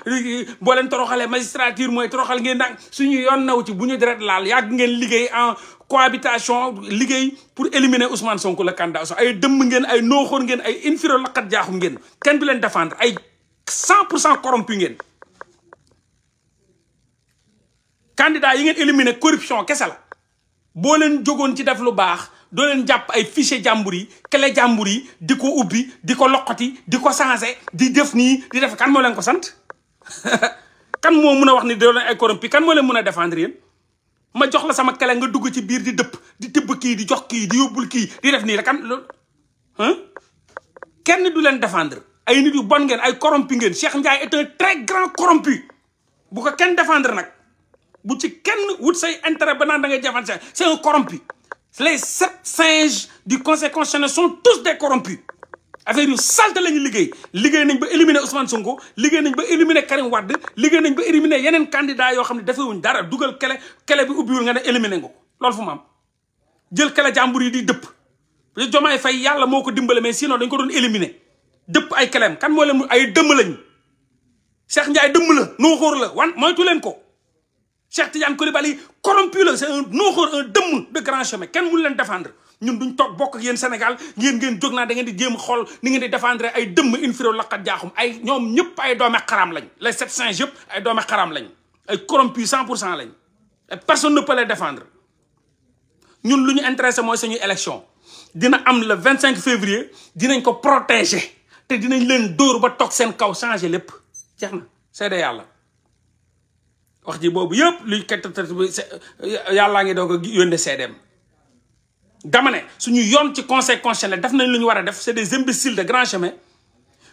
boo leen toroxalee magistrature mooy toroxal ngeen nag suñu yoon naw ci bu ñu deret laal yàgg ngeen liggéey en cohabitation liggéey pour éliminer Ousmane Sonko la candidat ay dëmm ngeen ay nooxoon ngeen ay infiro laqat jaaxum ngeen kenn du leen défendre ay 100 pour cent corrompu ngeen. candidat yi ngeen éliminé corruption kese la boo leen jogoon ci def lu baax doo leen jàpp ay fichier jàmbur yi kele jàmbur yi di ko ubbi di ko loqati di ko changé di def nii di def kan moo leen ko sant kan moo mun a wax ni doo leen ay corrompi kan moo leen mun a défendre yéen ma jox la sama kele nga dugg ci biir di dëpp di tibb kii di jox kii di yóbbul kii di def nii la kan loolu kenn du leen défendre ay nit yu bon ngeen ay corrompi ngeen Cheikh Ndiaye très grand corrompu bu ko kenn défendre nag bu ci kenn wut say intérêt ba naa da ngay jafan c'est un corrompu les sept singes du conseil constitutionnel sont tous des corrompus affaire yu salte la ñu liggéey liggéey nañ ba éliminer Ousmane Sonko liggéey nañ ba éliminer Karim Wade liggéey nañ ba éliminer yeneen candidat yoo xam ne defewuñ dara dugal kele kele bi ubbiwul nga ne éliminer nga ko loolu fu mu jël kele jàmbur yi di dëpp jomaay fay yàlla moo ko dimbale mais sinon dañ ko doon éliminer dëpp ay keleem kan moo leen ay dëmm lañ Cheikh Ndiaye la noo la wan moytu leen ko Cheikh Tidiane Coulibaly corrompu la c'est un nooxoor un dëmm de grand chemin kenn mënu leen defendre ñun duñ toog bokk ak yéen Sénégal ngeen ngeen jóg naa da ngeen di jéem xool ni ngeen di défendre ay dëmm inférieur laqat jaaxum ay ñoom ñëpp ay doome xaraam lañ les sept singes yëpp ay doome xaraam lañ ay corrompu cent pour cent lañ personne ne peut les défendre ñun lu ñu intéressé mooy suñuy élection dina am le vingt cinq février dinañ ko protéger te dinañ leen dóor ba toog seen kaw changer lépp jeex na seede yàlla wax ji boobu yëpp luy kettatati bi yàllaa ngi doog a yónne seedeem dama ne suñu yoon ci conseil constitutionnel def nañ lu ñu war a def c'est des imbéciles de grand chemin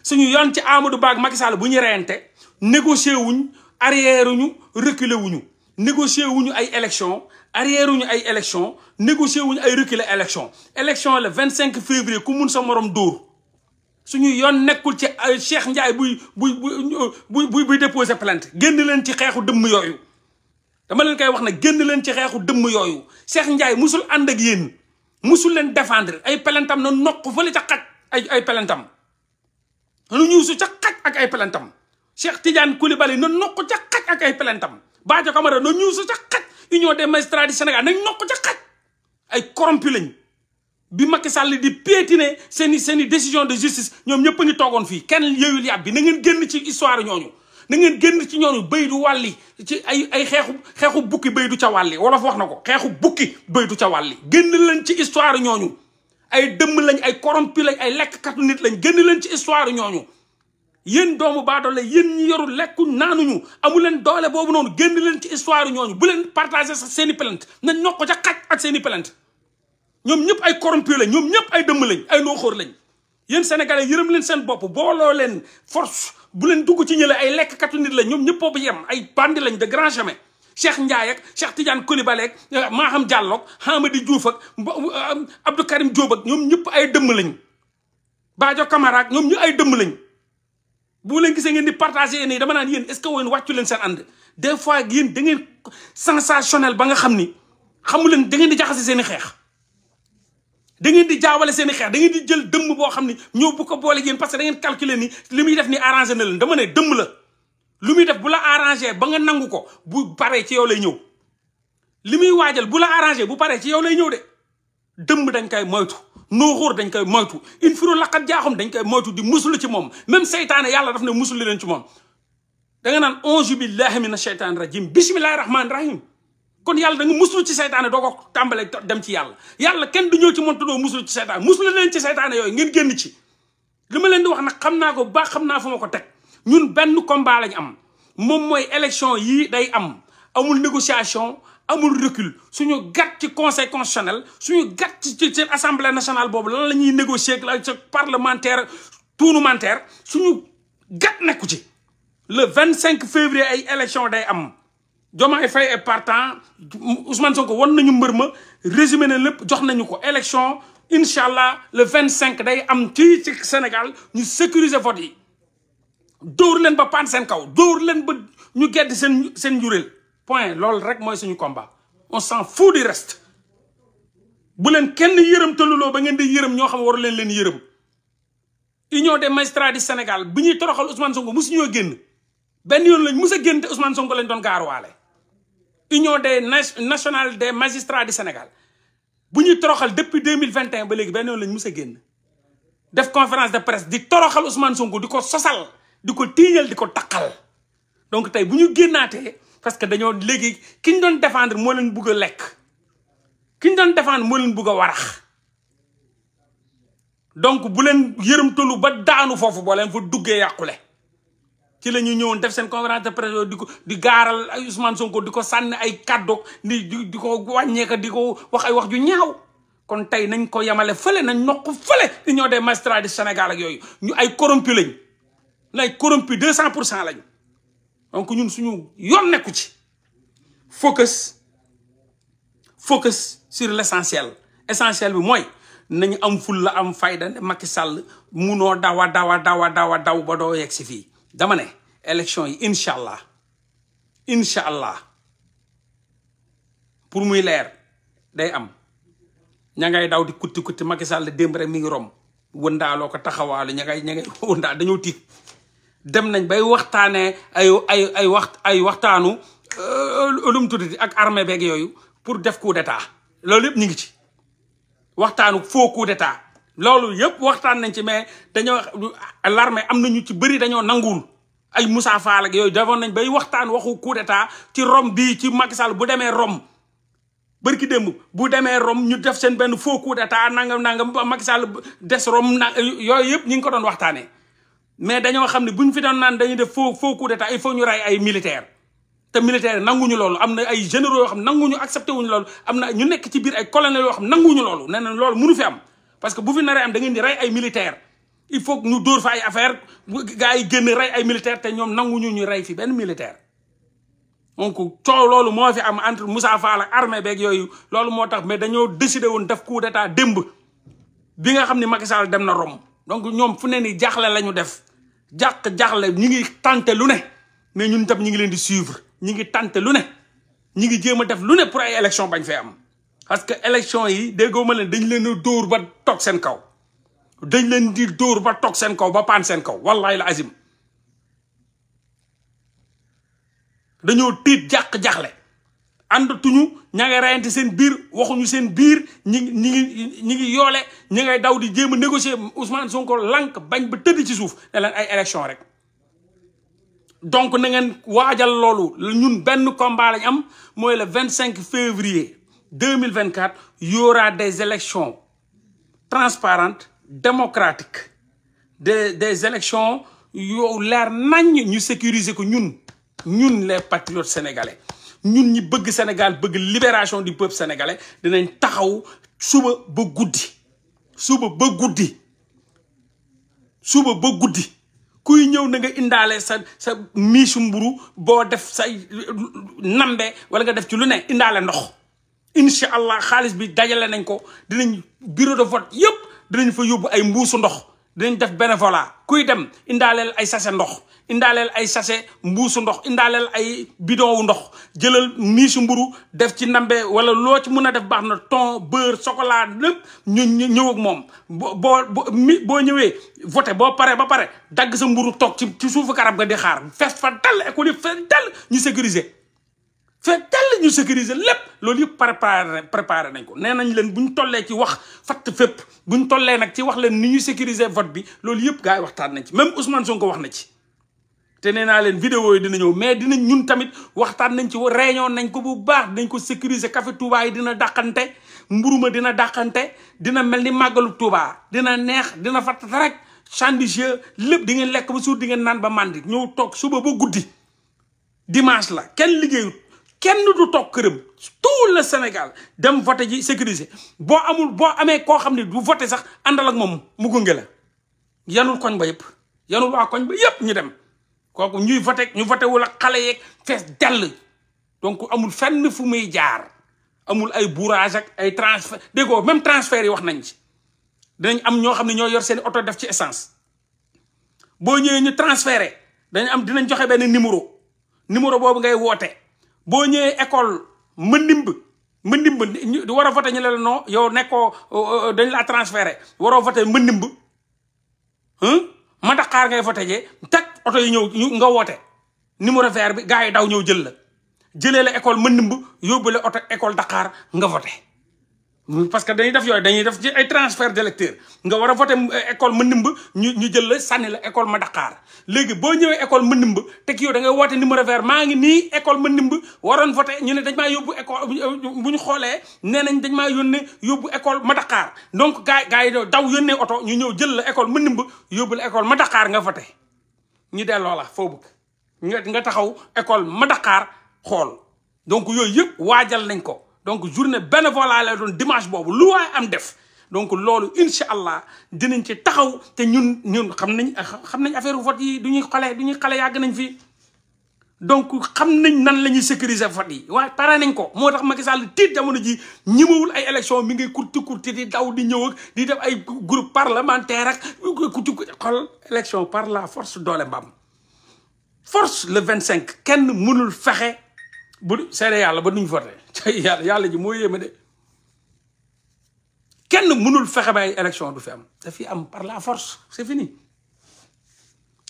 suñu yoon ci Amadou Ba ak Macky Sall bu ñu reyante négocier wuñ arrière wuñu reculer wuñu négocier wuñu ay élection arrière ñu ay élection négocier wuñu ay reculer élection élection le vingt cinq février ku mun sa morom dóor suñu yoon nekkul ci euh, Cheikh Ndiaye buy buy buy buy déposer plainte génn leen ci xeexu dëmm yooyu dama leen koy wax ne génn leen ci xeexu dëmm yooyu Cheikh Ndiaye musul ànd ak yéen musul leen defendre ay pelantam na noq fële ca xaj ay ay pelantam nu ñuusu ca xaj ak ay pelantam Cheikh Tidiane Koulibaly na noq ca xaj ak ay pelantam Badio Camara na ñuusu ca xaj Union des magistrats du Sénégal nañ noq ca xaj ay corrompu lañ bi Macky Sall di piétiner seeni seeni décision de justice ñoom ñëpp a ngi toogoon fii kenn yeyul yàb bi na ngeen génn ci histoire ñooñu na ngeen génn ci ñooñu béy du wàlli ci ay ay xeexu xeexu bukki béy du ca wàlli wolof wax na ko xeexu bukki béy du ca wàlli génn leen ci histoire ñooñu ay dëmm lañ ay corrompu lañ ay lekk katu nit lañ génn leen ci histoire ñooñu yéen doomu baadoole yéen ñi yoru lekku naanuñu amu leen doole boobu noonu génn leen ci histoire ñooñu bu leen partagé sax seeni i plainte na ñok ko ca xaj ak seeni i ñoom ñëpp ay corrompu lañ ñoom ñëpp ay dëmm lañ ay nooxóor lañ yéen sénégalais yërëm leen seen bopp booloo leen force bu leen dugg ci ñële ay lekk lekkatu nit lañ ñoom ñëpp boobu yem ay bandi lañ de grand jamais Cheikh Ndiaye ak Cheikh Tidiane Coulibaly ak euh, Maham Diallo ak Hamadi Diouf ak euh, euh, Abdou Karim Diop ak ñoom ñëpp ay dëmm lañ baajo Camara ñoom ñu ay dëmm lañ bu leen gisee ngeen di partagé yéen dama naan yéen est ce que woon wàccu leen seen ànd des fois yéen da ngeen sensationnel ba nga xam ni xamu leen da ngeen di jaxase seen i xeex. da ngeen di jaawale seeni i xeex da di jël dëmm boo xam ni ñëw bu ko boole yéen parce que da ngeen calculer ni li muy def ni arrangé na leen dama ne dëmm la lu muy def bu la arrangé ba nga nangu ko bu paree ci yow lay ñëw li muy waajal bu la arrangé bu paree ci yow lay ñëw de dëmm dañ koy moytu nooxóor dañ koy moytu in firo laqat jaaxum dañ koy moytu di musulu ci moom même seytaane yàlla def ne musulu leen ci moom da nga naan auzu billahi mina sheytaani rajim bismillahi rahmaani rahim kon yàlla da nga muslu ci seytaane doo ko tàmbalee dem ci yàlla yàlla kenn du ñëw ci moom te doo muslu ci seytaane muslu leen ci seytaane yooyu ngeen génn ci li ma leen di wax na xam naa ko baax xam naa fu ko teg ñun benn combat ñu am moom mooy élection yii day am amul négociation amul recul suñu gat ci conseil constitutionnel suñu gàtt ci ci assemblée nationale boobu lan la ñuy négocier ak sa parlementaire tournumentaire suñu gàtt nekku ci le vingt cinq février ay élection day am Diomaye Faye et partant Ousmane Sonko won nañu mbër ma résumé na lépp jox nañu ko élection incha allah le cinq day am ci ci Sénégal ñu sécuriser vote yi door leen ba paan seen kaw door leen ba ñu gedd seen seen njuréel point loolu rek mooy suñu combat on s'en fout du reste bu leen kenn yërëm tëluloo ba ngeen di yërëm ñoo xam waru leen leen yërëm union des magistrats du Sénégal bi ñuy toroxal Ousmane Sonko mosu ñoo génn benn yoon lañ mu a génn te Ousmane Sonko lañ doon gaaruwaale union des national des magistrats du Sénégal bu ñuy toroxal depuis deux mille vingt et ba léegi benn yoon lañ mus a génn def conférence de presse di toroxal Ousmane Sonko di ko sosal di ko tiiñal di ko taqal donc tey bu ñu génnaatee parce que dañoo léegi ki doon defendre moo leen bugg a lekk kiñ doon défendre moo leen bugg a warax donc bu leen yërëmtalu ba daanu foofu boo leen fa duggee yàqule ci la ñu ñëwoon def seen conférence de presse di ko di gaaral ay Ousmane Sonko di ko sànni ay kàddu di di ko wàññeeka di ko wax ay wax ju ñaaw kon tey nañ ko yemale fële nañ noq fële di ñoo des magistrats Sénégal ak yooyu ñu ay corrompu lañ lay corrompu deux cent pour cent lañ donc ñun suñu yoon nekku ci focus focus sur l' essentiel essentiel bi mooy nañu am ful la am fayda Macky Sall munoo dawa dawa dawa dawa daw ba doo yegg si fii dama ne élection yi incha allah incha allah pour muy leer day am ña daw di kutti kutti Macky Sall démb rek mi ngi rom wëndaaloo ko taxawaalu ña ngay ña ngay wëndaal dañoo tiit dem nañ bay waxtaanee ay ay wax ay waxtaanu euh, lu mu tuddati ak armée beeg yooyu pour def coup d'état loolu yëpp ñu ngi ci waxtaanu faux coup d'état loolu yëpp waxtaan nañ ci mais dañoo l'armée am na ñu ci bëri dañoo nanguwul ay Moussa Fall ak yooyu defoon nañ bay waxtaan waxu coup d'état ci Rome bii ci Macky Sall bu demee Rome. bërki dem bu demee Rome ñu def seen benn foo coup d'état nangam nangam ba Macky Sall des Rome na yooyu yëpp ñu ngi ko doon waxtaanee mais dañoo xam ne bu ñu fi doon naan dañu def faux faux coup d'état il faut ñu rey ay militaires. te militaire nanguñu loolu am na ay généraux yoo xam nanguñu accepté wuñu loolu am na ñu nekk ci biir ay colonels yoo xam nanguñu loolu nee na loolu mënu fi am. parce que bu fi naree am da ngeen di rey ay militaire il faut que ñu dóor fa ay affaire gars yi génn rey ay militaire te ñoom nanguñu ñu rey fi benn militaire donc coow loolu moo fi am entre Moussa Fall ak armée beeg yooyu loolu moo tax mais dañoo décidé woon def coup d'état démb bi nga xam ni Macky dem na Rome donc ñoom fu ne nii jaaxle la ñu def jàq jaaxle ñi ngi tante lu ne mais ñun tam ñi ngi leen di suivre ñi ngi tante lu ne ñi ngi jéem a def lu ne pour ay élection bañ fee am parce que élection yi déggoo ma leen dañu leen a dóor ba toog seen kaw dañ leen di dóor ba toog seen kaw ba paan seen kaw wallahi la azim dañoo tiit jàq-jaxle àndatuñu ña ngay seen biir waxuñu seen biir ñi ñi ngi ñi ngi yoole ñi ngay daw di jéem a négocier Ousmane Sonko lànk bañ ba tëdd ci suuf ne ay élection rek donc na ngeen waajal loolu ñun benn combat lañ am mooy le vingt cinq février deux mille vingt quatre y aura des élections transparentes démocratiques des des élections yow leer nañ ñu sécuriser ko ñun ñun les patriotes sénégalais ñun ñi bëgg Sénégal bëgg libération du peuple sénégalais dinañ taxaw suba ba guddi suba ba guddi suba ba guddi kuy ñëw na nga indaale sa sa miisu mburu boo def say nambe wala nga def ci lu ne indaale ndox incha allah xaalis bi dajale nañ ko dinañ bureau de vote yëpp dinañ fa yóbbu ay mbuusu ndox dinañ def bénévolat kuy dem indaaleel ay sachet ndox indaaleel ay sachet mbuusu ndox indaaleel ay bidon ndox jëlal miisu mburu def ci ndambe wala loo ci mun a def baax na thon beurre chocolat lépp ñu ñëw ak moom boo boo mi boo ñëwee voté boo paree ba pare dagg sa mburu toog ci ci suufu garab ga di xaar fees fa dal école yi fees dal ñu sécuriser fekk tell ñu sécuriser lépp loolu yëpp préparé préparé nañ ko nee nañ leen bu tollee ci wax fatt fépp bu ñu tollee nag ci wax leen ni ñu sécuriser vote bi loolu yëpp gars yi waxtaan nañ ci même Ousmane ko wax na ci. te nee naa leen vidéo yi dina ñëw mais dinañ ñun tamit waxtaan nañ ci réunion nañ ko bu baax dinañ ko sécuriser café Touba dina dàqante mburuma dina dàqante dina mel ni màggalu Touba dina neex dina fatt rek chandigieux lépp di ngeen lekk ba suur di ngeen naan ba màndi ñëw toog suba ba guddi dimanche la kenn liggéeyut kenn du toog këram tout le Sénégal dem voté ji sécurisé boo amul boo amee koo xam ne du voté sax àndal ak moom mu gunge la yanul koñ ba yëpp yanul waa koñ ba yëpp ñu dem kooku ñuy voté ñu voté wala xale yeeg fees dell donc amul fenn fu muy jaar amul ay bourrage ak ay transfert déggoo même transfert yi wax nañ ci dañ am ñoo xam ne ñoo yor seeni oto def ci essence boo ñëwee ñu transféré dañ am dinañ joxe benn numéro numéro boobu ngay woote boo ñëwee école mëndimb mëndimb ñu war a voté ñu ne la yow nekkoo euh, euh, dañ laa transféré waroo voté mëndimb ma Dakar ngay voté jee teg oto yi ñëw nga woote numéro vert bi gars yi daw ñëw jël la jëlee la école mëndimb yóbbu la oto école daqaar nga voté. parce que dañuy def yooyu dañuy def ci ay transfert d'électeur nga war a voté euh, école Mandimba ñu ñu jël la sànni la école ma Dakar léegi boo ñëwee école Mandimba teg yow da ngay woote numéro vert maa ngi nii école Mandimba waroon voté ñu ne dañ maa yóbbu école euh, euh, bu ñu xoolee nee nañ dañ maa yónnee yóbbu école ma Dakar donc gaa gaa yi daw yónnee oto ñu ñëw jël la école Mandimba yóbbu la école ma Dakar nga voté ñu delloo la foo bëgg nga nga taxaw école ma Dakar xool donc yooyu yëpp waajal nañ ko. donc journée bénévolat la doon dimanche boobu lu waay am def donc loolu incha allah dinañ ci taxaw te ñun ñun xam nañ xam nañ affaire vote yi du ñuy xale du ñuy xale yàgg nañ fi. donc xam nañ nan la ñuy sécuriser vote yi waaye pare nañ ko moo tax Macky Sall tiit jamono ji ñëwewul ay élection mi ngi kurti kurti di daw di ñëw ak di def ay groupe parlementaire ak kurti xol élection par la force doole mbam force le vingt cinq kenn mënul fexe bu seede yàlla ba duñ voté. tey yàlla ji moo yéeme de kenn mënul fexe ba ay du fi am dafi am par la force c'est fini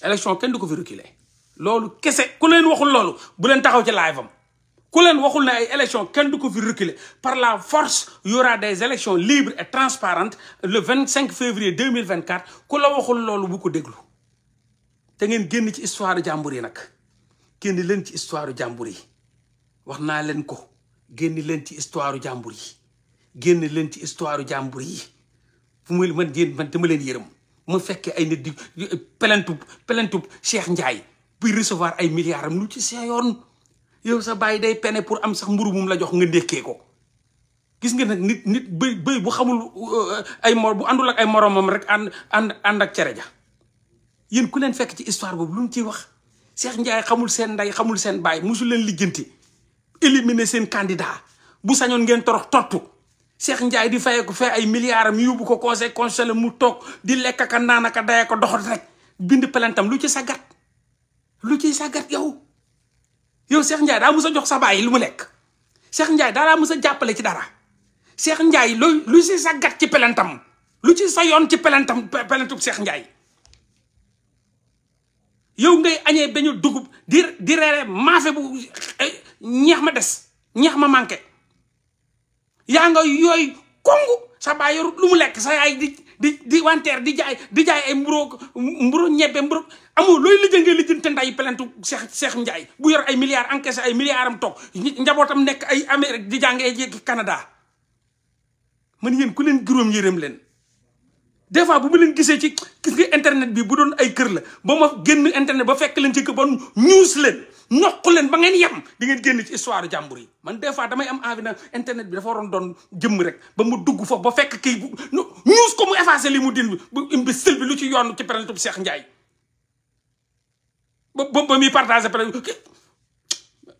élection kenn du ko fi reculer loolu kese ku leen waxul loolu bu leen taxaw ci live am ku leen waxul na ay élection kenn du ko fi reculer par la force y aura des élections libres et transparentes le 25 février 2024 ku la waxul loolu bu ko déglu te ngeen génn ci histoire jàmbur yi nag génn leen ci histoire jàmbur yi wax naa leen ko génn leen ci histoire jàmbur yi génn leen ci histoire jàmbur yi fu man génn man dama leen yërëm ma fekkee ay nit di pelentub eh, pelentub Cheikh Ndiaye buy recevoir ay milliards am lu ci seen yoon yow sa bàyyi day pene pour am sax mburu mum la jox nga ndékkee ko gis nga nag nit nit bëy bëy bu xamul eh, ay mor bu àndul ak ay moromam rek ànd ànd ànd ak cere ja yéen ku leen fekk ci histoire boobu lu mu ciy wax Cheikh Ndiaye xamul seen ndey xamul seen baay musu leen lijjanti éliminer seen candidat bu sañoon ngeen torox tortu Cheikh Ndiaye di ko fee ay milliards am yóbbu ko conseil mu toog di lekk ak naan ak dayee ko doxat rek bind pelentam lu ci sagat lu ci sagat yow yow Cheikh Ndiaye daa jox sa baay lu mu lekk Cheikh Ndiaye daa daa jàppale ci dara Cheikh Ndiaye lu lu ci sagat ci pelentam lu ci sa yoon ci pelentam pelentub seex Ndiaye yow ngay añee bañu dugub di di reere maafe bu eh, ñeex ma des ñeex ma manqué yaa nga yooyu kongu sa baay yorut lu mu lekk sa yaay di di di wanteer di jaay di jaay ay mburo mburo ñebbe mburo amul looy lijjëngee lijjënte nday pelentu Cheikh Cheikh bu yor ay milliards encaissé ay milliards am toog njabootam nekk ay Amérique di jàngee Canada man yéen ku leen juróom yërëm leen des fois bu ma leen gisee ci gis nga internet bi bu doon ay kër la ba ma génn internet ba fekk leen ci kër ba ñuus leen ñoq leen ba ngeen yem di ngeen génn ci histoire jàmbur yi man des fois damay am envie na internet bi dafa waroon doon jëmm rek ba mu dugg foofu ba fekk kii ñuus ko mu effacé lii mu din bi bu imbécile bi lu ci yoon ci parentub Cheikh Ndiaye ba ba muy partagé pare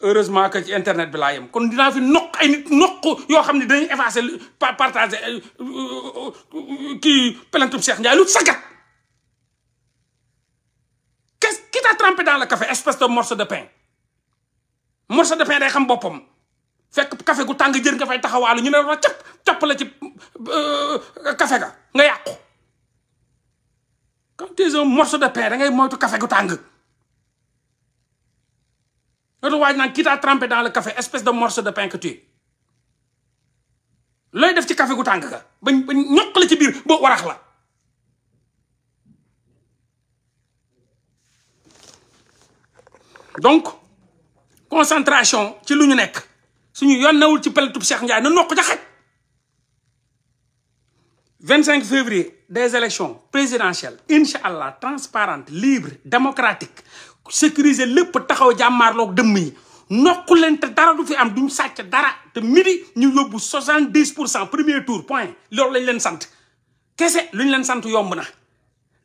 heureusement que ci internet bi laa yem kon dinaa fi noq ay nit noq yoo xam ne dañuy effacé partagé euh, euh, kii pelentub Cheikh Ndiaye lu sagat qu'est-ce qui t'a trempé dans le café espèce de morceau de pain morceau de pain day xam boppam fekk café gu tàng jër nga fay taxawaalu ñu ne la cap cap la ci euh, café nga yàqu quand tu es un morceau de pain da ngay moytu café gu tàng loolu waaj naan kii taa trempé dans le café espèce de de pain que tu es looy def ci café gu tàng ka ba ba ñoq la ci biir boo warax la donc concentration ci lu ñu nekk suñu yoon newul ci peletub Cheikh Ndiaye na noq ja xaj cinq février des élections présidentielles incha allah transparente libre démocratique sécuriser lépp taxaw jàmmaarloog dëmm yi nokku leen te dara du fi am duñ sàcc dara te midi ñu yóbbu soixante dix pour cent premier tour point loolu lañ leen sant kese luñ leen sant yomb na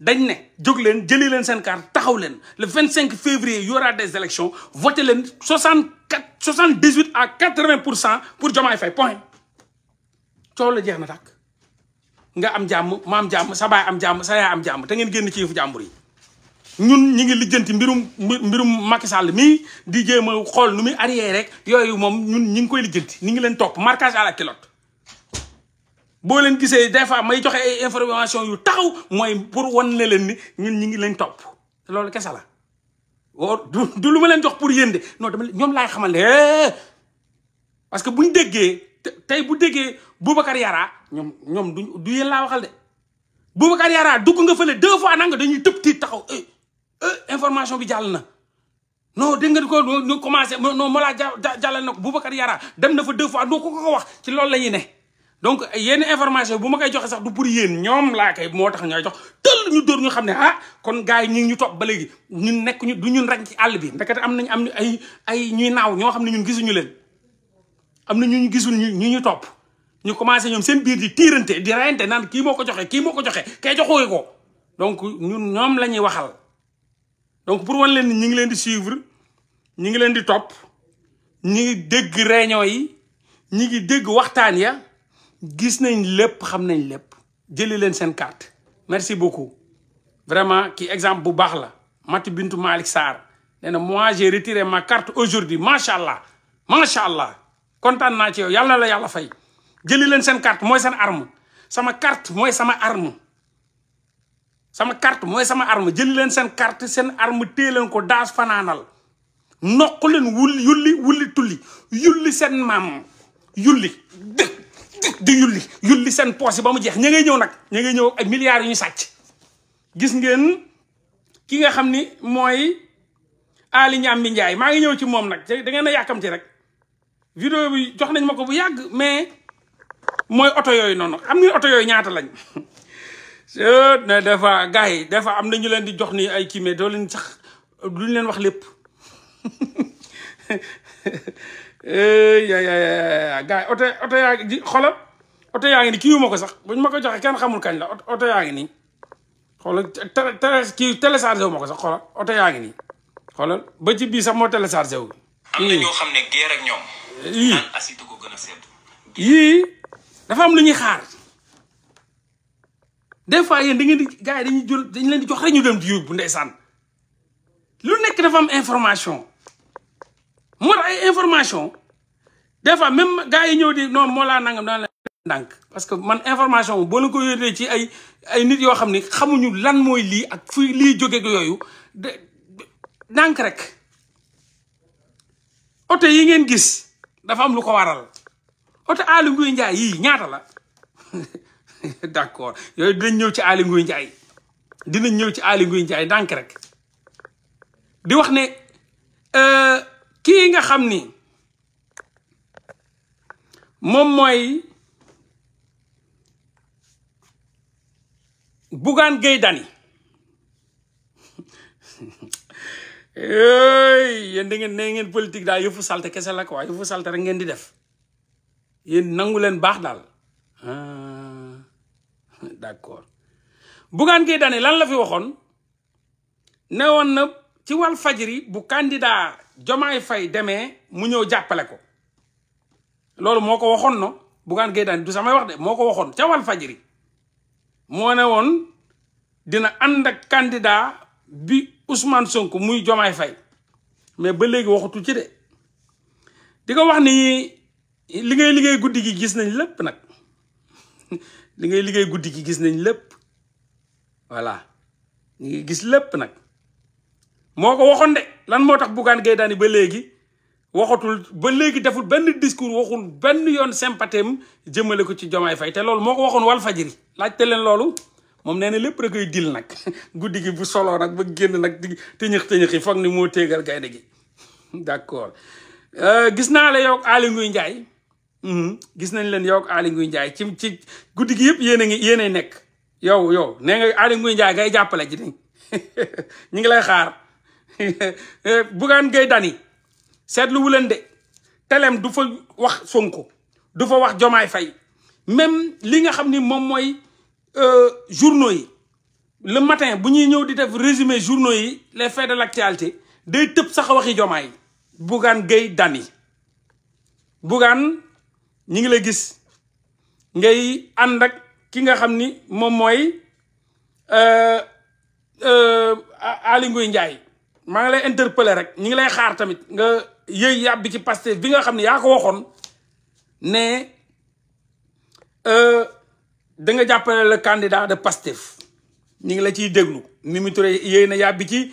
dañ ne jóg leen jëlee leen seen carte taxaw leen le vingt cinq février y aura des élections voté leen soixante quatre soixante dix huit à quatre vingt pour cent pour Diomaye Faye point coow la jeex na tàkk nga am jàmm ma am jàmm sa baay am jàmm sa yaay am jàmm te ngeen génn ci yëfu jàmbur yi ñun ñu ngi lijjanti mbirum mbirum Macky Sall mii di jéem xool nu muy arrière rek yooyu moom ñun ñu ngi koy lijjanti ñi ngi leen topp marquage à la boo leen gisee des fois may joxe ay information yu taxaw mooy pour wan ne leen ni ñun ñu ngi leen topp loolu kese la du lu ma leen jox pour yéen de noo dama ñoom laay xamal ne eh! parce que buñ déggee tey bu déggee Boubacar Yara ñoom ñoom du yéen laa waxal de Boubacar Yara dugg nga fële deux fois nanga dañuy tëb tiit taxaw eh! Euh, information bi jàll na non dégg nga ko ñu commencé non Mollah jàllal na ko Boubacar Yara dem na fa deux fois doo ko ko wax ci loolu la ñuy ne donc yenn information bu ma koy joxe sax du pour yéen ñoom laa koy moo tax ñooy jox tëll ñu dóor ñu xam ne ah kon gars yi ñi ñu topp ba léegi ñun nekk du ñun rek ci àll bi ndekete am nañu am ay ay ñuy naaw ñoo xam ne ñun gisuñu leen am na ñu gisul ñu ñu ñu topp ñu commencé ñoom seen biir di tiirante di reyante kii moo ko joxe kii moo ko joxe kay joxuwee ko donc ñun ñoom la ñuy waxal donc pour wan leen ni ngi leen di suivre ñi ngi leen di topp ñi ngi dégg réunion yi ñi ngi dégg waxtaan ya gis nañ lépp xam nañ lépp jëli leen seen carte merci beaucoup vraiment kii exemple bu baax la Mati Bintu Malick Sarr nee na moi j'ai retiré ma carte aujourd'hui macha allah macha allah kontaan naa ci yow yàlla la yàlla fay jëli leen seen carte mooy seen arme sama carte mooy sama arme sama carte mooy sama arme jëli leen seen carte seen arme téye ko daas fanaanal noq leen wulli yulli wulli tulli yulli seen maam yulli di yulli yulli seen poos ba mu jeex ña ngay ñëw nag ña ñëw ak milliards yu ñu sàcc gis ngeen ki nga xam ni mooy Aly Niambi njaay maa ngi ñëw ci moom nag da ngeen yàqam yàkkamti rek vidéo bi jox nañ ma ko bu yàgg mais mooy oto yooyu noonu xam nga oto yooyu ñaata lañ sëñ ne des fois gars yi des fois am na ñu leen di jox ni ay kii mais doo leen sax duñ leen wax lépp gars yi oto yaa ngi di xoolal oto yaa ngi ni ma ko sax buñ ma ko joxee kenn xamul kañ la oto yaa ngi nii xoolal télé kii téléchargé wu ma ko sax xoolal oto yaa ngi nii xoolal ba ci bii sax moo téléchargé wu. am na ñoo xam ne géer ak ñoom. yii naan yii dafa am lu ñuy xaar. des fois yéen da ngeen di gars yi dañuy jël dañ leen di jox rek ñu dem di yóbbu ndeysaan lu nekk dafa am information moo tax ay information des fois même gars yi ñëw di non moo laa nangam daan la ndànk parce que man information boo la ko yónnee ci ay ay nit yoo xam ne xamuñu lan mooy lii ak fu lii jóge yooyu de ndànk rek oto yi ngeen gis dafa am lu ko waral oto Aly Ngouille Ndiaye yii ñaata la d' accord yooyu dinañ ñëw ci Aly Ngouille Ndiaye dinañ ñëw ci Aly Ngouille Ndiaye ndànk rek di wax ne euh, kii nga xam ni moom mooy Bougane Gueye Dany yéen da ngeen ne ngeen politique daal yëfu salte kese la quoi yëfu salte rek ngeen di def yéen nangu leen baax daal ah. d'accord Bougane Gueye Dany lan la fi waxoon ne woon na ci wal fajiri bu candidat Jomaay Fay deme mu ñëw jàppale ko loolu moo ko waxoon no Bougane Gueye Dany du samay wax de moo ko waxoon ca wal fajri moo ne woon dina ànd ak candidat bi usmaan Sonko muy Jomaay Fay mais ba léegi waxutu ci de di ko wax ni li liggéey guddi gi gis nañ lépp nag li ngay liggéey guddi gi gis nañ lépp voilà ñu ngi gis lépp nag moo ko waxoon de lan moo tax Bougane Gueye Dany ba léegi waxatul ba léegi deful benn discours waxul benn yoon sympathème jëmale ko ci Diomaye fay te loolu moo ko waxoon wal fajiri laajte leen loolu moom nee na lépp rek koy dil nag guddi gi bu soloo nag ba génn nag di tëñëx tëñëx foog ni moo téegal gaynde gi d'accord euh, gis naa la yow Aly Ngouille Ndiaye Mhm. gis nañ leen yow ak Aly Ngouille Ndiaye ci ci guddi gi yëpp yéen a ngi yenee nekk yow yow nee nga Aly Ngouille Ndiaye ngay jàppale ji nañ ñu ngi lay xaar Bougane Gueye Dany seetlu wu leen de telem du fa wax Sonko du fa wax Jomaay Fay même li nga xam ni moom mooy euh, journaux yi le matin bu ñuy ñëw di def résumé journaux yi les faits de l'actualité day tëb sax waxi Jomaay Bougane Gueye Dany Bougane ñi ngi la gis ngay ànd ak ki nga xam ni moom mooy euh, euh, Aly Ngouille Ndiaye maa ngi lay interpeller rek ñi ngi lay xaar tamit nga yëy yàbbi ci Pastef bi nga xam ne yaa ko waxoon ne euh, da nga jàppale le candidat de Pastef ñi ngi la ciy déglu Mimi Touré yéy na yàbbi ci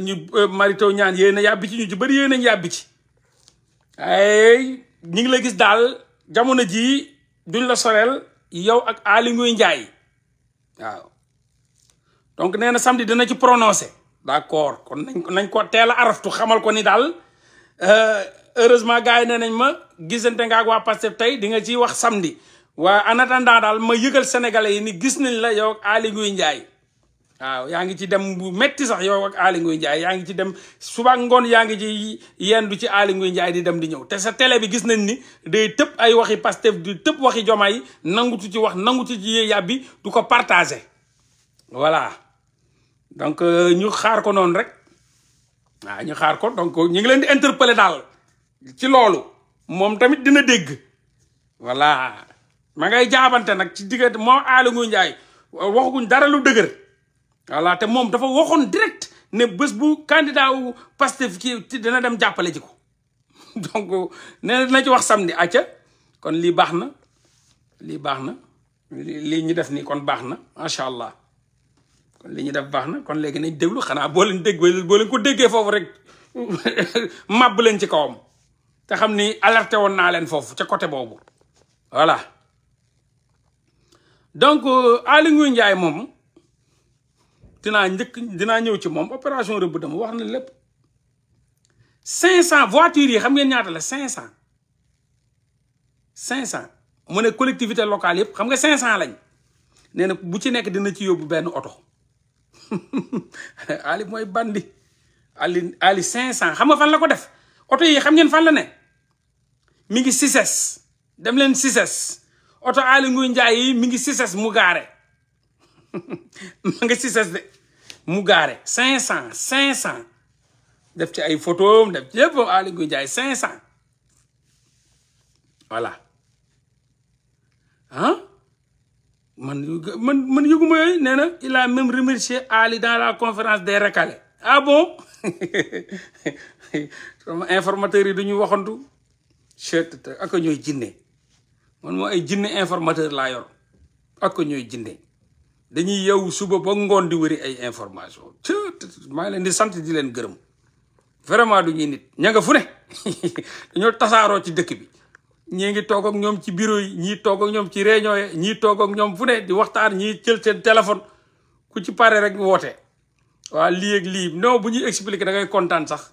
ñu marito ñaan yéy na yàbbi ci ñu ci bëri yéy nañ yàbbi ci ay ñi ngi la gis daal jamono jii duñ la soreel yow ak Aly Ngouille Ndiaye waaw donc nee na samedi dina ci prononcé d'accord kon nañ ko nañ ko teel a araftu xamal ko ni daal euh, heureusement gars yi nee nañ ma gisante nga ak waa Pastef tey di nga ciy wax samedi waa en attendant daal ma yëgal sénégalais yi ni gis nañ la yow ak Aly Ngouille Ndiaye waaw yaa ngi ci dem bu metti sax yow ak Aly Ngouille Ndiaye yaa ngi ci dem suba ngoon yaa ngi ci yendu ci Aly Ngouille Ndiaye di dem di ñëw te sa télé bi gis nañ ni day tëb ay waxi Pastef di tëb waxi Jomaay nangutu ci wax nangutu ci yee yàbbi du ko partagé voilà donc euh, ñu xaar ko noonu rek waaw ñu xaar ko donc ñu ngi leen di interpeller ci loolu moom tamit dina dégg voilà maa ngay jaabante nag ci diggante moom Aly Ngouille Ndiaye waxaguñ dara lu dëgër voilà te moom dafa waxoon direct ne bés bu candidat wu Pastef kii dina dem jàppale ji ko donc nee na ci wax samedi acca kon lii baax na lii baax na lii ñu def nii kon baax na macha allah kon lii ñu def baax na kon léegi nañ déglu xanaa boo leen dégg boo ko déggee foofu rek màbb leen ci kawam te xam ni alerté woon naa leen foofu ca côté boobu voilà donc Aly Ngouille Ndiaye moom dinaa njëkk dinaa ñëw ci moom opération rëbb dama wax na lépp cinq cent voitures yi xam ngeen ñaata la cinq cent cinq cent mu ne collectivité locale yëpp xam nga cinq cent lañ nee na bu ci nekk dina ci yóbbu benn oto Ali mooy bandi Ali Ali cinq cent xam nga fan la ko def oto yi xam ngeen fan la ne mi ngi Cices dem leen Cices oto Ali Nguy Njaay yi mi ngi sises mu gaare ma nga si ses de mu gaare cinq cent cinq cent def ci ay photo def ci yëpp Aly Ngouille Ndiaye cinq cent voilà ah man man man yëguma yooyu nee na il a même remercié Ali dans la conférence des recalés ah bon informateur yi dañuy waxantu chet ak ñooy jinne man moo ay jinne informateur laa yor ak ñooy jinne dañuy yow suba ba ngoon di wëri ay information ci maa ngi leen di sant di leen gërëm vraiment du ñuy nit ña nga fu ne dañoo tasaaroo ci dëkk bi ñii ngi toog ak ñoom ci bureau yi ñii toog ak ñoom ci réunion yi ñi toog ak ñoom fu ne di waxtaan ñi jël seen téléphone ku ci pare rek woote waa lii ak lii non bu ñuy expliquer da ngay kontaan sax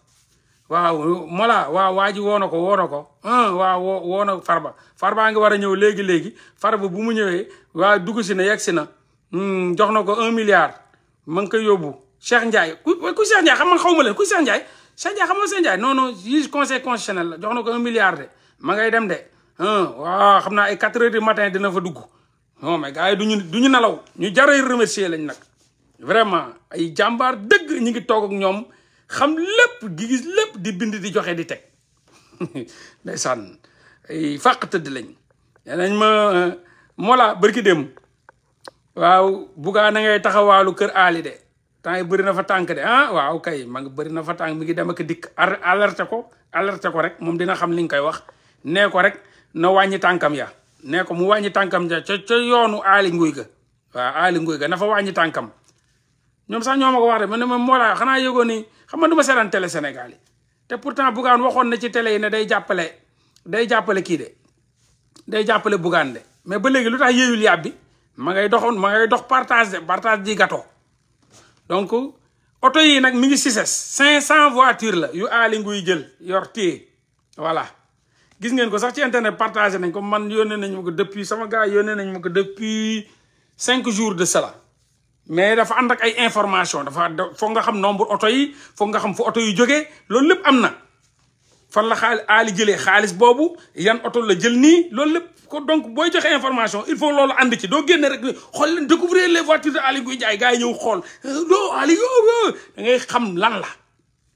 waaw mola waaw waa ji woo na ko woo na ko waaw woo woo na farba farba war a ñëw léegi-léegi ba bu mu ñëwee waa dugg si na yegg si na Hmm, jox na ko un milliard ma ngi koy yóbbu Cheikh Ndiaye ku ku Cheikh Ndiaye xam na xaw ma leen ku Cheikh Ndiaye Cheikh Ndiaye xam nga Cheikh Ndiaye non non juge conseil constitutionnel la jox na ko un milliard de ma ngay dem de hmm, waaw xam naa ay quatre heures du matin dina fa dugg non mais gars yi du ñu nelaw ñu jaray remercier lañ nag vraiment ay jàmbaar dëgg ñu ngi toog ak ñoom xam lépp di lépp di bind di joxe di teg ndeysaan ay fàq tëdd lañ nañ ma euh, mola bërki dem waaw bugaa na ngay taxawaalu kër aali de temps yi bëri na fa tànk de ah waaw kay ma ngi bëri na fa tànk mi ngi dem ak dikk alerte ko alerte ko rek moom dina xam li nga koy wax nee ko rek na wàññi tànkam ya nee ko mu wàññi tànkam ja ca ca yoonu aali nguy ga waaw aali nguy na fa wàññi tànkam ñoom sax ñoo ma ko wax de man ne ma Mollah xanaa yëgoon ni xam nga du ma seetaan télé Sénégal yi te pourtant Bougane waxoon na ci télé yi ne day jàppale day jàppale kii de day jàppale Bougane de mais ba léegi lu tax yéeyul yàbbi ma ngay doxoon ma ngay dox partage partage di gâteau donc oto yi nag mi ngi sises cinq cent voitures la yu aali nguy jël yor téye voilà gis ngeen ko sax ci internet partagé nañ ko man yónnee nañ ma ko depuis sama gars yónnee nañ ma ko depuis cinq jours de cela mais dafa ànd ak ay information dafa foog nga xam nombre oto yi foog nga xam fu oto yu jógee loolu lépp am na fan la xaal aali jëlee xaalis boobu yan oto la jël nii loolu lépp ko donc booy joxe information il faut loolu ànd ci doo génne rek xool leen découvrir les voitures de Aly Ngouille Ndiaye gars yi ñëw xool doo euh, Aly yo da ngay xam lan la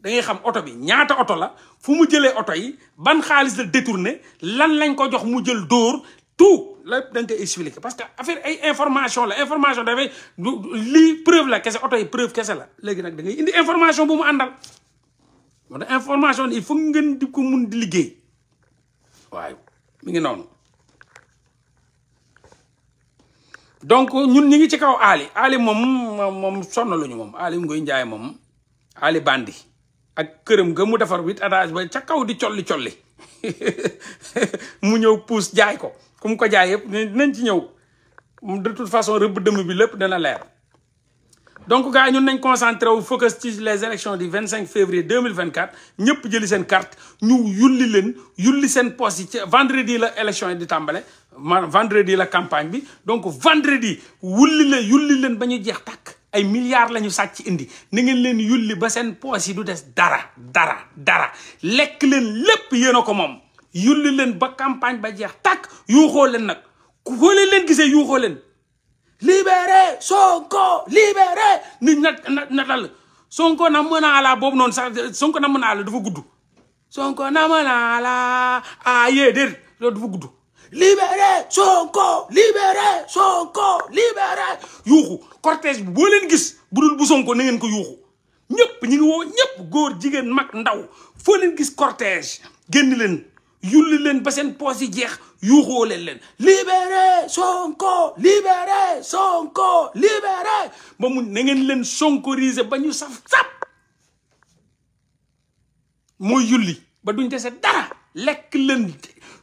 da ngay xam oto bi ñaata oto la fu mu jëlee oto yi ban xaalis la détourné lan lañ ko jox mu jël dóor tout la dañ koy expliqué parce que affaire ay information la information dafay lii preuve la kese oto yi preuve kese la léegi nag da ngay indi information bu mu àndal moo information il faut ngeen di ko mun di liggéey waaye mi ngi noonu donc ñun ñi ngi ci kaw Ali Ali moom moom sonn ñu moom Ali Ngoy Njaay moom Ali Bandi ak këram ga mu defar huit étage ba ca kaw di colli colli mu ñëw puus jaay ko ku mu ko jaay yëpp dinañ ci ñëw de toute façon rëbb dëmb bi lépp dana leer donc gars ñun nañ concentré wu focus ci les élections du 25 février 2024 ñëpp jëli seen carte ñu yulli leen yulli seen poste yi ci vendredi la élection yi di tàmbale ma vendredi la campagne bi donc vendredi wulli la yulli leen ba ñu jeex tàkk ay milliards la ñu sàcc indi ni ngeen leen yulli ba seen poche yi du des dara dara dara lekk leen lépp yéen ko moom yulli leen ba campagne ba jeex tàkk yuuxoo leen nag ku xoolee leen gisee yuuxoo leen libéré Sonko libéré nit na na na dal na mën a la boobu noonu sax Sonko na mën a la dafa gudd Sonko na mën a la ah yee déet loolu dafa Sonko libéré Sonko libéré yuuxu cortège bi boo gis bu dul bu Sonko na ngeen ko yuuxu ñëpp ñu ngi woo ñëpp góor jigéen mag ndaw foo leen gis cortège génn leen yulli leen ba seen poos yi jeex yuuxoo leen leen libéré sonko libéré sonko libéré ba mu na ngeen leen sonkoriser ba ñu saf sap mooy yulli ba duñ dese dara lekk leen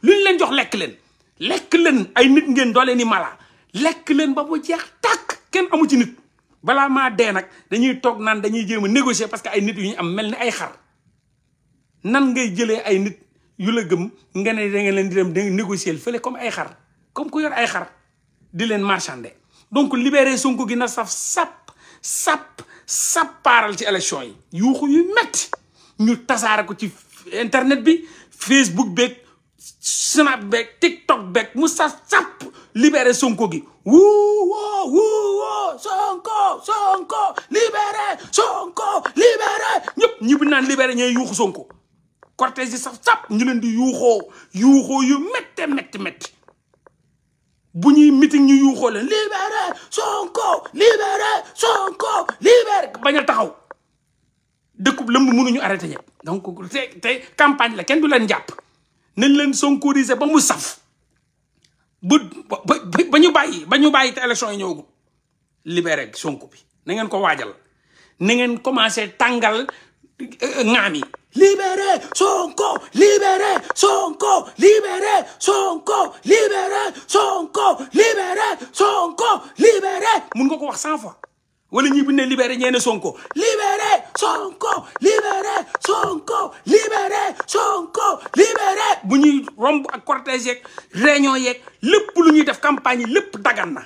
luñ leen jox lekk leen lekk leen ay nit ngeen doole ni mala lekk leen ba mu jeex tàkk kenn amu ci nit balaa maa dee nag dañuy toog naan dañuy jéem a négocier parce que ay nit yu ñu am mel ni ay xar nan ngay jëlee ay nit yu la gëm nga ne da nga leen di dem di négocier fële comme ay xar comme ku yor ay xar di leen marchander donc libéré Sonko gi na saf sap sap sap paaral ci élection yi yuuxu yu metti ñu tasaare ko ci internet bi Facebook beeg Snap beeg TikTok beeg mu saf sap libéré Sonko gi wuuwoo wuuwoo Sonko Sonko libéré ñëpp ñi bu naan libere ñooy yuuxu Sonko cortège yi saf sap ñu leen di yuuxoo yuuxoo yu méttee métti métti bu ñuy meeting ñu yuuxoo leen libéré Sonko libéré Sonko libéré taxaw dëkkub lëmb mënuñu arrêté ñëpp donc te te campagne la kenn du leen jàpp nañ leen sonkorisé ba mu saf ba ba ñu bàyyi ba ñu bàyyi te élection yi ñëwagul libéré Sonko bi nangeen ko waajal na ngeen commencé tàngal euh, ŋaam yi libéré Sonko libéré Sonko libéré Sonko libéré Sonko libéré mun nga ko wax cent fois wala bu ne libéré ñeene Sonko libéré Sonko libéré Sonko libéré bu ñuy romb ak cortège yeeg réunion yeeg lépp lu ñuy def campagne yi lépp dagan na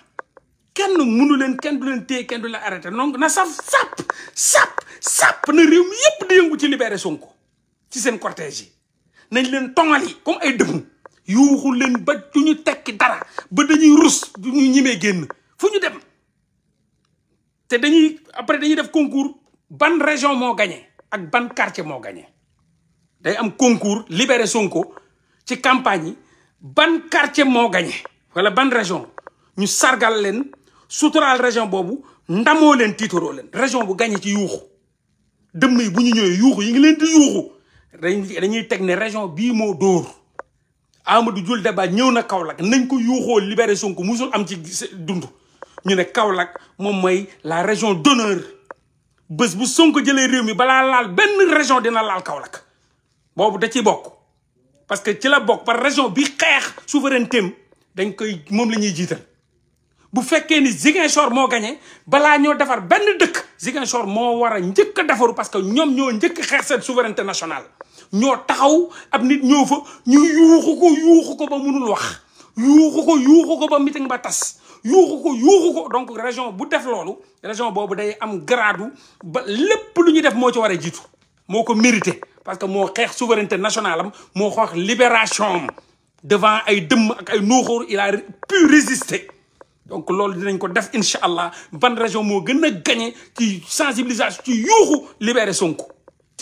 kenn mënu leen kenn du leen téye kenn du la arrêté donc na saf sap sap sap na réew mi yépp di yëngu ci libéré Sonko ci seen cortège yi nañ leen tongal yi comme ay dëmm yuuxu leen ba du ñu tekki dara ba dañuy rus du ñu ñimee génn fu ñu dem te dañuy après dañuy def concours ban région moo gagné ak ban quartier moo gagné day am concours libéré Sonko ci campagne yi ban quartier moo gagné wala ban région ñu sargal leen suturaal région boobu ndamoo leen tiitaroo leen région bu gagné ci yuuxu dëmm yi bu ñu ñëwee yuuxu yi ngi leen di yuuxu dañuy teg ne région bii moo dóor Amadou Diol Daba ñëw na Kaolack nañ ko yuuxoo libere Sonko musul am ci dund ñu ne Kaolack moom mooy la région d'honneur bës bu Sonko jëlee réew mi balaa laal benn région dina laal Kaolack boobu da ci bokk parce que ci la bokk par région bi xeex souveraineté dañ koy moom la ñuy jiital bu fekkee ni Ziguinchor moo gañe balaa ñoo defar benn dëkk Ziguinchor moo war a njëkk a defaru parce que ñoom ñoo njëkk xeex seen souveraineté nationale ñoo taxaw ab nit ñëw fa ñu yuuxu ko yuuxu ko ba mënul wax yuuxu ko yuuxu ko ba meeting ba tas yuuxu ko yuuxu ko donc région bu def loolu région boobu day am gradu ba lépp lu ñuy def moo ci waree jiitu moo ko mérité parce que moo xeex souveraineté nationale am moo xeex libération am devant ay dëmm ak ay nuuxóor il a pu donc loolu dinañ ko def incha allah ban région moo gën a gagné ci sensibilisation ci yuuxu libéré Sonko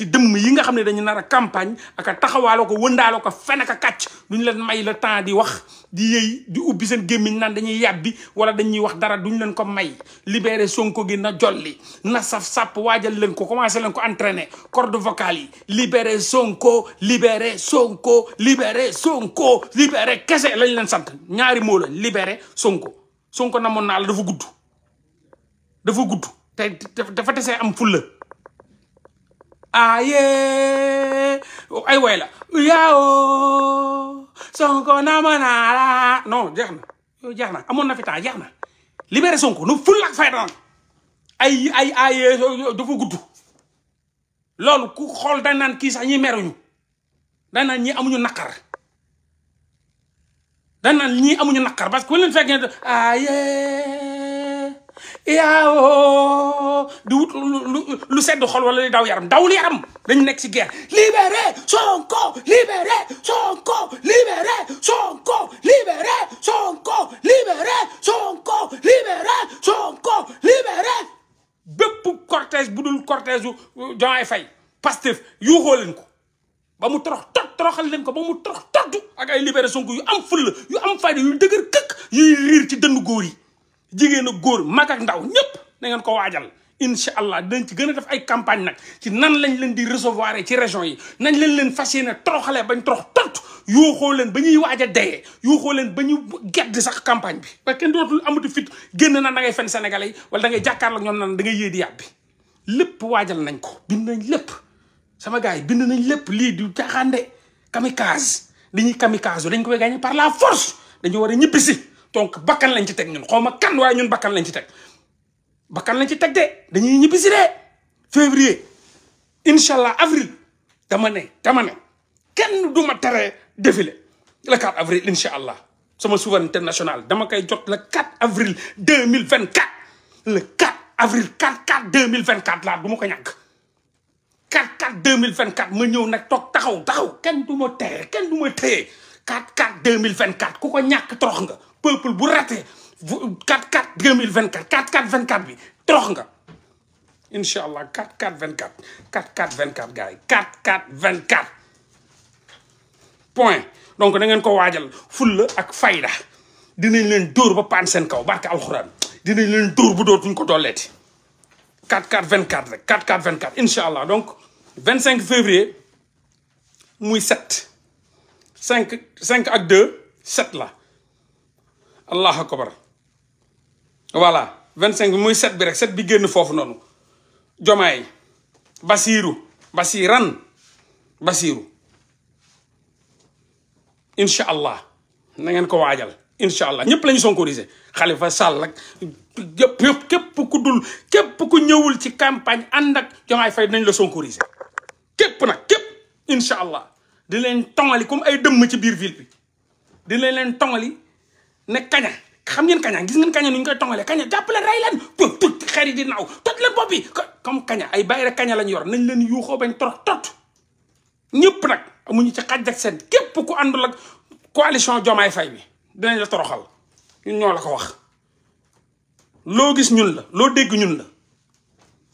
si dëmm yi nga xam ne dañu nar a campagne aka taxawaaloo ko wëndaaloo ko fen aka kàcc duñu leen may le temps di wax di yëy di ubbi seen gémmiñ naan dañuy yàbbi wala dañuy wax dara duñu leen ko may libéré Sonko gi na jolli na saf sàpp waajal leen ko commencé leen ko entraîner corde vocale yi libéré Sonko libéré Sonko libéré Sonko libéré kese lañ leen sant ñaari moo la libéré Sonko Sonko namoon naa la dafa gudd dafa gudd dafa desee am fulla aye ay way la yaawo sonko na ma naa la non jeex na yow jeex na amoon na fi temps na libéré nu ful ak fay doon ay ay aye dafa gudd loolu ku xool dañ naan kii sax ñi meruñu dañ naan ñi amuñu naqar dañ amuñu naqar parce que ku leen fekkee aye yaaw di wut lu lu sedd xol wala daw yaram dawul yaram dañu nekk ci guerre libéré Sonko libéré Sonko libéré Sonko libéré Sonko libéré Sonko libéré Sonko libéré bépp cortège bu dul cortège u Diomaye Faye Pastef yuuxoo leen ko ba mu torox tot toroxal leen ko ba mu torox tottu ak ay libéré Sonko yu am fulla yu am fayda yu dëgër këkk yuy riir ci dëndu góor yi jigéen ak góor mag ak ndaw ñëpp na ngeen ko waajal incha allah dañ ci gën a def ay campagne nag ci nan lañ leen di recevoir ci région yi nañ leen leen fas yéene toroxalee bañ torox tont yuuxoo leen ba ñuy waaj a deye yuuxoo leen ba ñu gedd sax campagne bi parce que kenn dootul amatu fit génn naan da ngay fen sénégalais yi wala da ngay jàkkaarloog ñoom naan da ngay yéedi yàbbi lépp waajal nañ ko bind nañ lépp sama gars yi bind nañ lépp lii du caaxaande kamikaze dañuy kamikaze dañ koy gagné par la force dañu war a donc bakkan lañ ci teg ñun xaw ma kan waaye ñun bakkan lañ ci teg bakkan lañ ci teg de dañuy ñibbi si de février incha allah avril dama ne dama ne kenn du ma tere défilé le 4 avril incha allah sama souveraineté nationale dama koy jot le 4 avril deux mille 2024 le 4 avril 4 4 2024 laa du ma ko ñàkk 4 4 2024 ma ñëw nag toog taxaw taxaw kenn du ma tere kenn du ma téye 4 4 2024 ku ko ñàkk torox nga. peuple bu raté 4 4 2024 4 4 24 bi trox nga incha allah 4 4 24 4 4 24 gars yi 4 4 24 point donc da ngeen ko waajal fulla ak fayda dinañ leen dóor ba paan seen kaw barke alxuraan dinañ leen dóor bu dootuñ ko dooleeti 4 4 24 rek 4 4 24 incha allah donc cinq février muy 7 5 cinq ak 2 7 la allah akbar voilà vingt cinq bi muy set bi rek set bi génn foofu noonu jomaay basiiru basiiran basiiru incha allah na ngeen ko waajal incha allah ñëpp lañu ñu sonkorisé xalifa sàll ak yëpp képp ku dul képp ñëwul ci campagne ànd ak jomaay fay nañ la sonkorisé képp na képp incha allah di leen tongali comme ay dëmm ci biir ville di leen leen tongali ne kaña xam ngeen kaña gis ngeen kaña nu ñu koy tongalee kaña jàppale rey leen tut tut xer yi di naaw toj leen bopp yi comme kaña ay bàyyi rek kaña lañ yor nañ leen yuuxoo bañ torop tot ñëpp nag amuñu ci xaj ak seen képp ku àndul ak coalition Jomaay Fay bi dinañ la toroxal ñun ñoo la ko wax loo gis ñun la loo dégg ñun la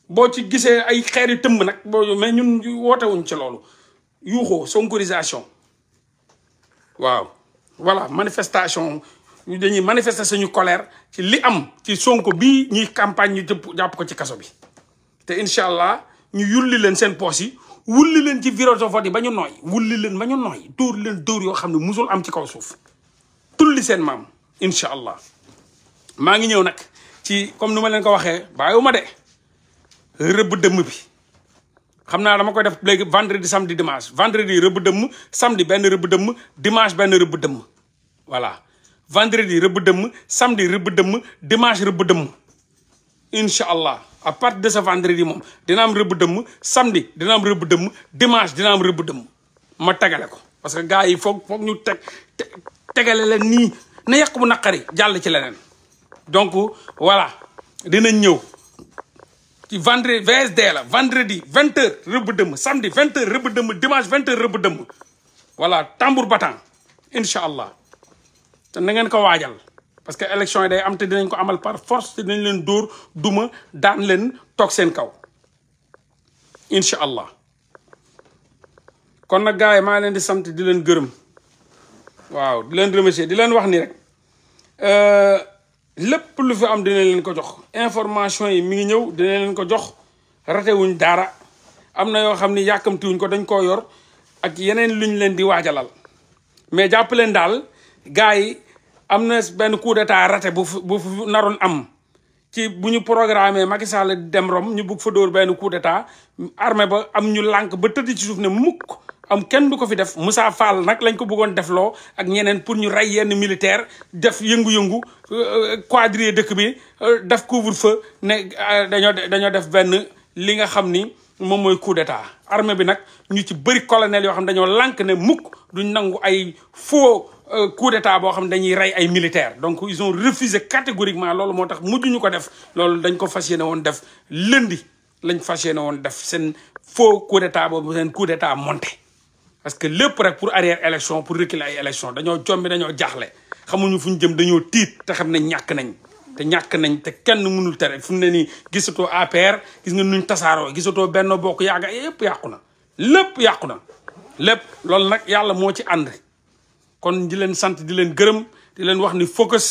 boo ci gisee ay xeer yu tëmb nag boo mais ñun wootewuñ ci loolu yuuxoo sonkorisation waaw voilà manifestation ñu dañuy manifester suñu colère ci li am ci sonk bi ñuy campagne ñu jëpp jàpp ko ci kaso bi te incha allah ñu yulli leen seen poos yi wulli leen ci bureau de vote yi ba ñu nooy wulli leen ba ñu nooy dóor leen dóor yoo xam ne musul am ci kaw suuf tulli seen maam incha allah maa ngi ñëw nag ci comme nu ma leen ko waxee bàyyiwuma de rëbb dëmm bi xam naa dama koy def léegi vendredi samedi dimanche vendredi rëbb dëmm samedi benn rëbb dëmm dimanche benn rëbb dëmm voilà vendredi rëbb dëmm samedi rëbb dëmm dimanche rëbb dëmm incha allah à partir de ce vendredi moom dina am rëbb dëmm samedi dina am rëbb dëmm dimanche dina am rëbb dëmm ma tagale ko parce que gars yi foog foog ñu teg tegale leen nii na yàq bu naqari jàll ci leneen donc voilà dinañ ñëw ci vendredi VSD la vendredi vingt heures rëbb dëmm samedi vingt heures rëbb dëmm dimanche vingt heures rëbb dëmm voilà tambour battant incha allah te na ngeen ko waajal parce que élection yi day am te dinañ ko amal par force te dinañ leen dóor duma daan leen toog seen kaw incha allah kon nag gars yi maa leen di sant di leen gërëm waaw di leen remercier di leen wax ni rek euh, lépp lu fi am dina leen ko jox information yi mi ngi ñëw dina leen ko jox ratewuñ daara am na yoo xam ni yàkkamtiwuñ ko dañ koo yor ak yeneen luñ leen di waajalal mais jàpp leen daal gars yi am na benn coup d'état raté bu bu naroon am ci bu ñu programmé Macky Sall dem Rome ñu bugg fa dóor benn coup d'état armée ba am ñu lànk ba tëdd ci suuf ne mukk am kenn du ko fi def Moussa Fall nag lañ ko bëggoon def loo ak ñeneen pour ñu rey yenn militaire def yëngu-yëngu euh, euh, quadriller dëkk bi euh, def couvre-feu ne dañoo dañoo def benn li nga xam ni moom mooy coup d'état armée bi nag ñu ci bëri colonel yoo xam dañoo lànk ne mukk duñ nangu ay faux Euh, coup d'état boo xam ne dañuy rey ay militaires donc ils ont refusé catégoriquement loolu moo tax mujjuñu ko def loolu dañ ko fas yéene woon def lundi lañ fas yéene woon def seen foo coup d'état boobu seen coup d'état monté parce que lépp rek pour arrière élection pour reculer ay élection dañoo jombi dañoo jaaxle xamuñu fu ñu jëm dañoo tiit te xam ne ñàkk nañ te ñàkk nañ te kenn munul tere fu mu ne nii gisatoo APR gis nga nuñ tasaaroo gisatoo benn bokk yaaga yëpp yàqu na lépp yàqu na lépp loolu nag yàlla moo ci ànd kon di leen sant di leen gërëm di leen wax ni focus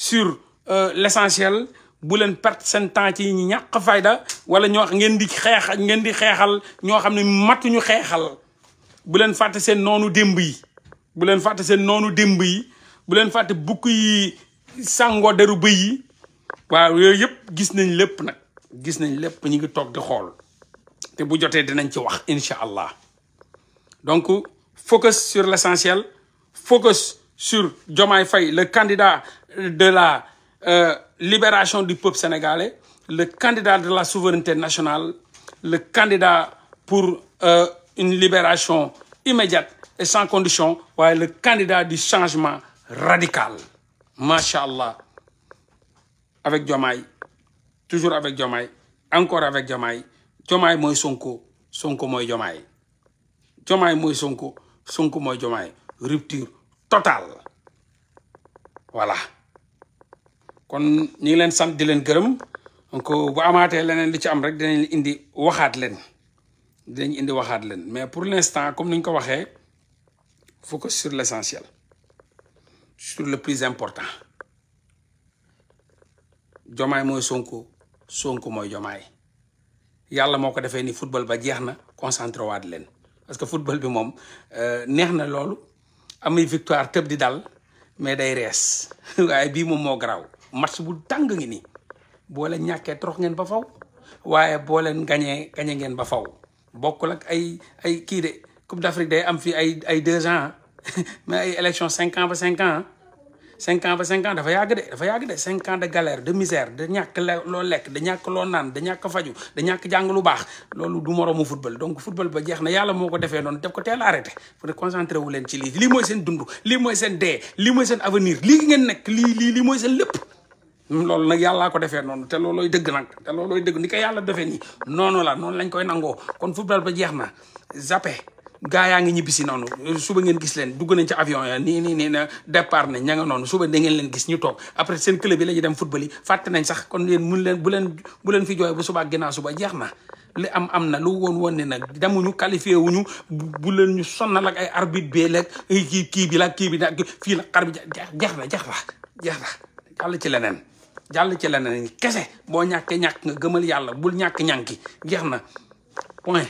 sur euh, l'essentiel bu leen perte seen temps ci ñàkk fayda wala ñoo ngeen di xeexal ngeen di xeexal ñoo xam ne matuñu xeexal bu leen fàtte seen noonu démb yi bu leen fàtte seen noonu démb yi bu leen fàtte bukk yi sàngoo deru bëy yi waaw yooyu yëpp gis nañ lépp nag gis nañ lépp ñu ngi toog di xool te bu jotee dinañ ci wax incha allah donc focus sur l'essentiel focus sur Diomaye fay le candidat de la euh, libération du peuple sénégalais le candidat de la souveraineté nationale le candidat pour euh, une libération immédiate et sans condition waaye le candidat du changement radical macha allah avec Diomaye toujours avec Diomaye encore avec Diomaye Diomaye mooy Sonko Sonko mooy Diomaye Diomaye mooy Sonko Sonko mooy Diomaye rupture totale voilà kon ñu ngi leen sant di leen gërëm donc bu amaatee leneen li ci am rek dinañ indi waxaat leen dinañ indi waxaat leen mais pour l'instant comme ni ñu ko waxee focus sur l'essentiel sur le plus important jomaay mooy sonko sonko mooy jomaay yàlla moo ko defee nii football ba jeex na concentré waat leen parce que football bi moom euh, neex na loolu amay victoire tëb di dal mais day rees waaye bii moom moo garaaw match bu tàng ngi nii boole ñàkkee torox ngeen ba faw waaye boo leen gañee gañe ngeen ba faw bokkul ak ay ay kii de Coupe d'Afrique day am fii ay ay deux ans mais ay élection cinq ans ba cinq ans cinq ans ba cinq ans dafa yàgg de dafa yàgg de cinq ans de galère de misère de ñàkk loo lekk de ñàkk loo naan de ñàkk faju de ñàkk jàng lu baax loolu du moroomu football donc football ba jeex na yàlla moo ko defee noonu def ko teel arrêté fu ne concentré wu leen ci mooy seen dund lii mooy seen dee lii mooy seen avenir lii ngeen nekk lii lii lii mooy seen lépp hmm, ko defee noonu te loolooy dëgg nag te loolooy dëgg ni ko yàlla defee nii noonu la noonu lañ koy nangoo kon football ba jeex na zappé gaa yaa ngi ñibbisi noonu suba ngeen gis leen dugg nañ ci avion ya nii nii nii na départ nañ ña noonu suba da leen gis ñu toog après seen club yi la ñuy dem football yi fàtte nañ sax kon yéen mun leen bu leen bu leen fi jooy bu subaa ginnaaw suba jeex na li am am na lu woon woon ne nag demuñu qualifié wuñu bu leen ñu sonnal ak ay arbitre bee la kii bi la kii bi la fii la xar bi jeex na jeex na jeex na jàll ci leneen jàll ci leneen kese boo ñàkkee ñàkk nga gëmal yàlla bul ñàkk ñànki jeex na point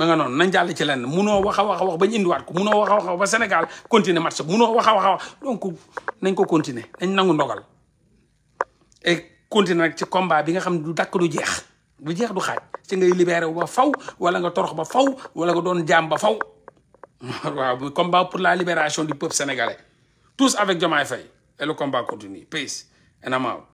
ma noonu nañ jàll ci lenn munoo wax a wax a wax ba ñu indiwaat ko munoo wax a wax ba Sénégal munoo wax a wax a wax donc nañ ko continuer nañ nangu ndogal et continuer nag ci combat bi nga xam ne du dakk du jeex du jeex du xaaj ci ngay libéré ba faw wala nga torox ba faw wala nga doon jaam ba faw waaw combat pour la libération du peuple sénégalais tous avec Diomaye Faye et le combat continue peace and I'm out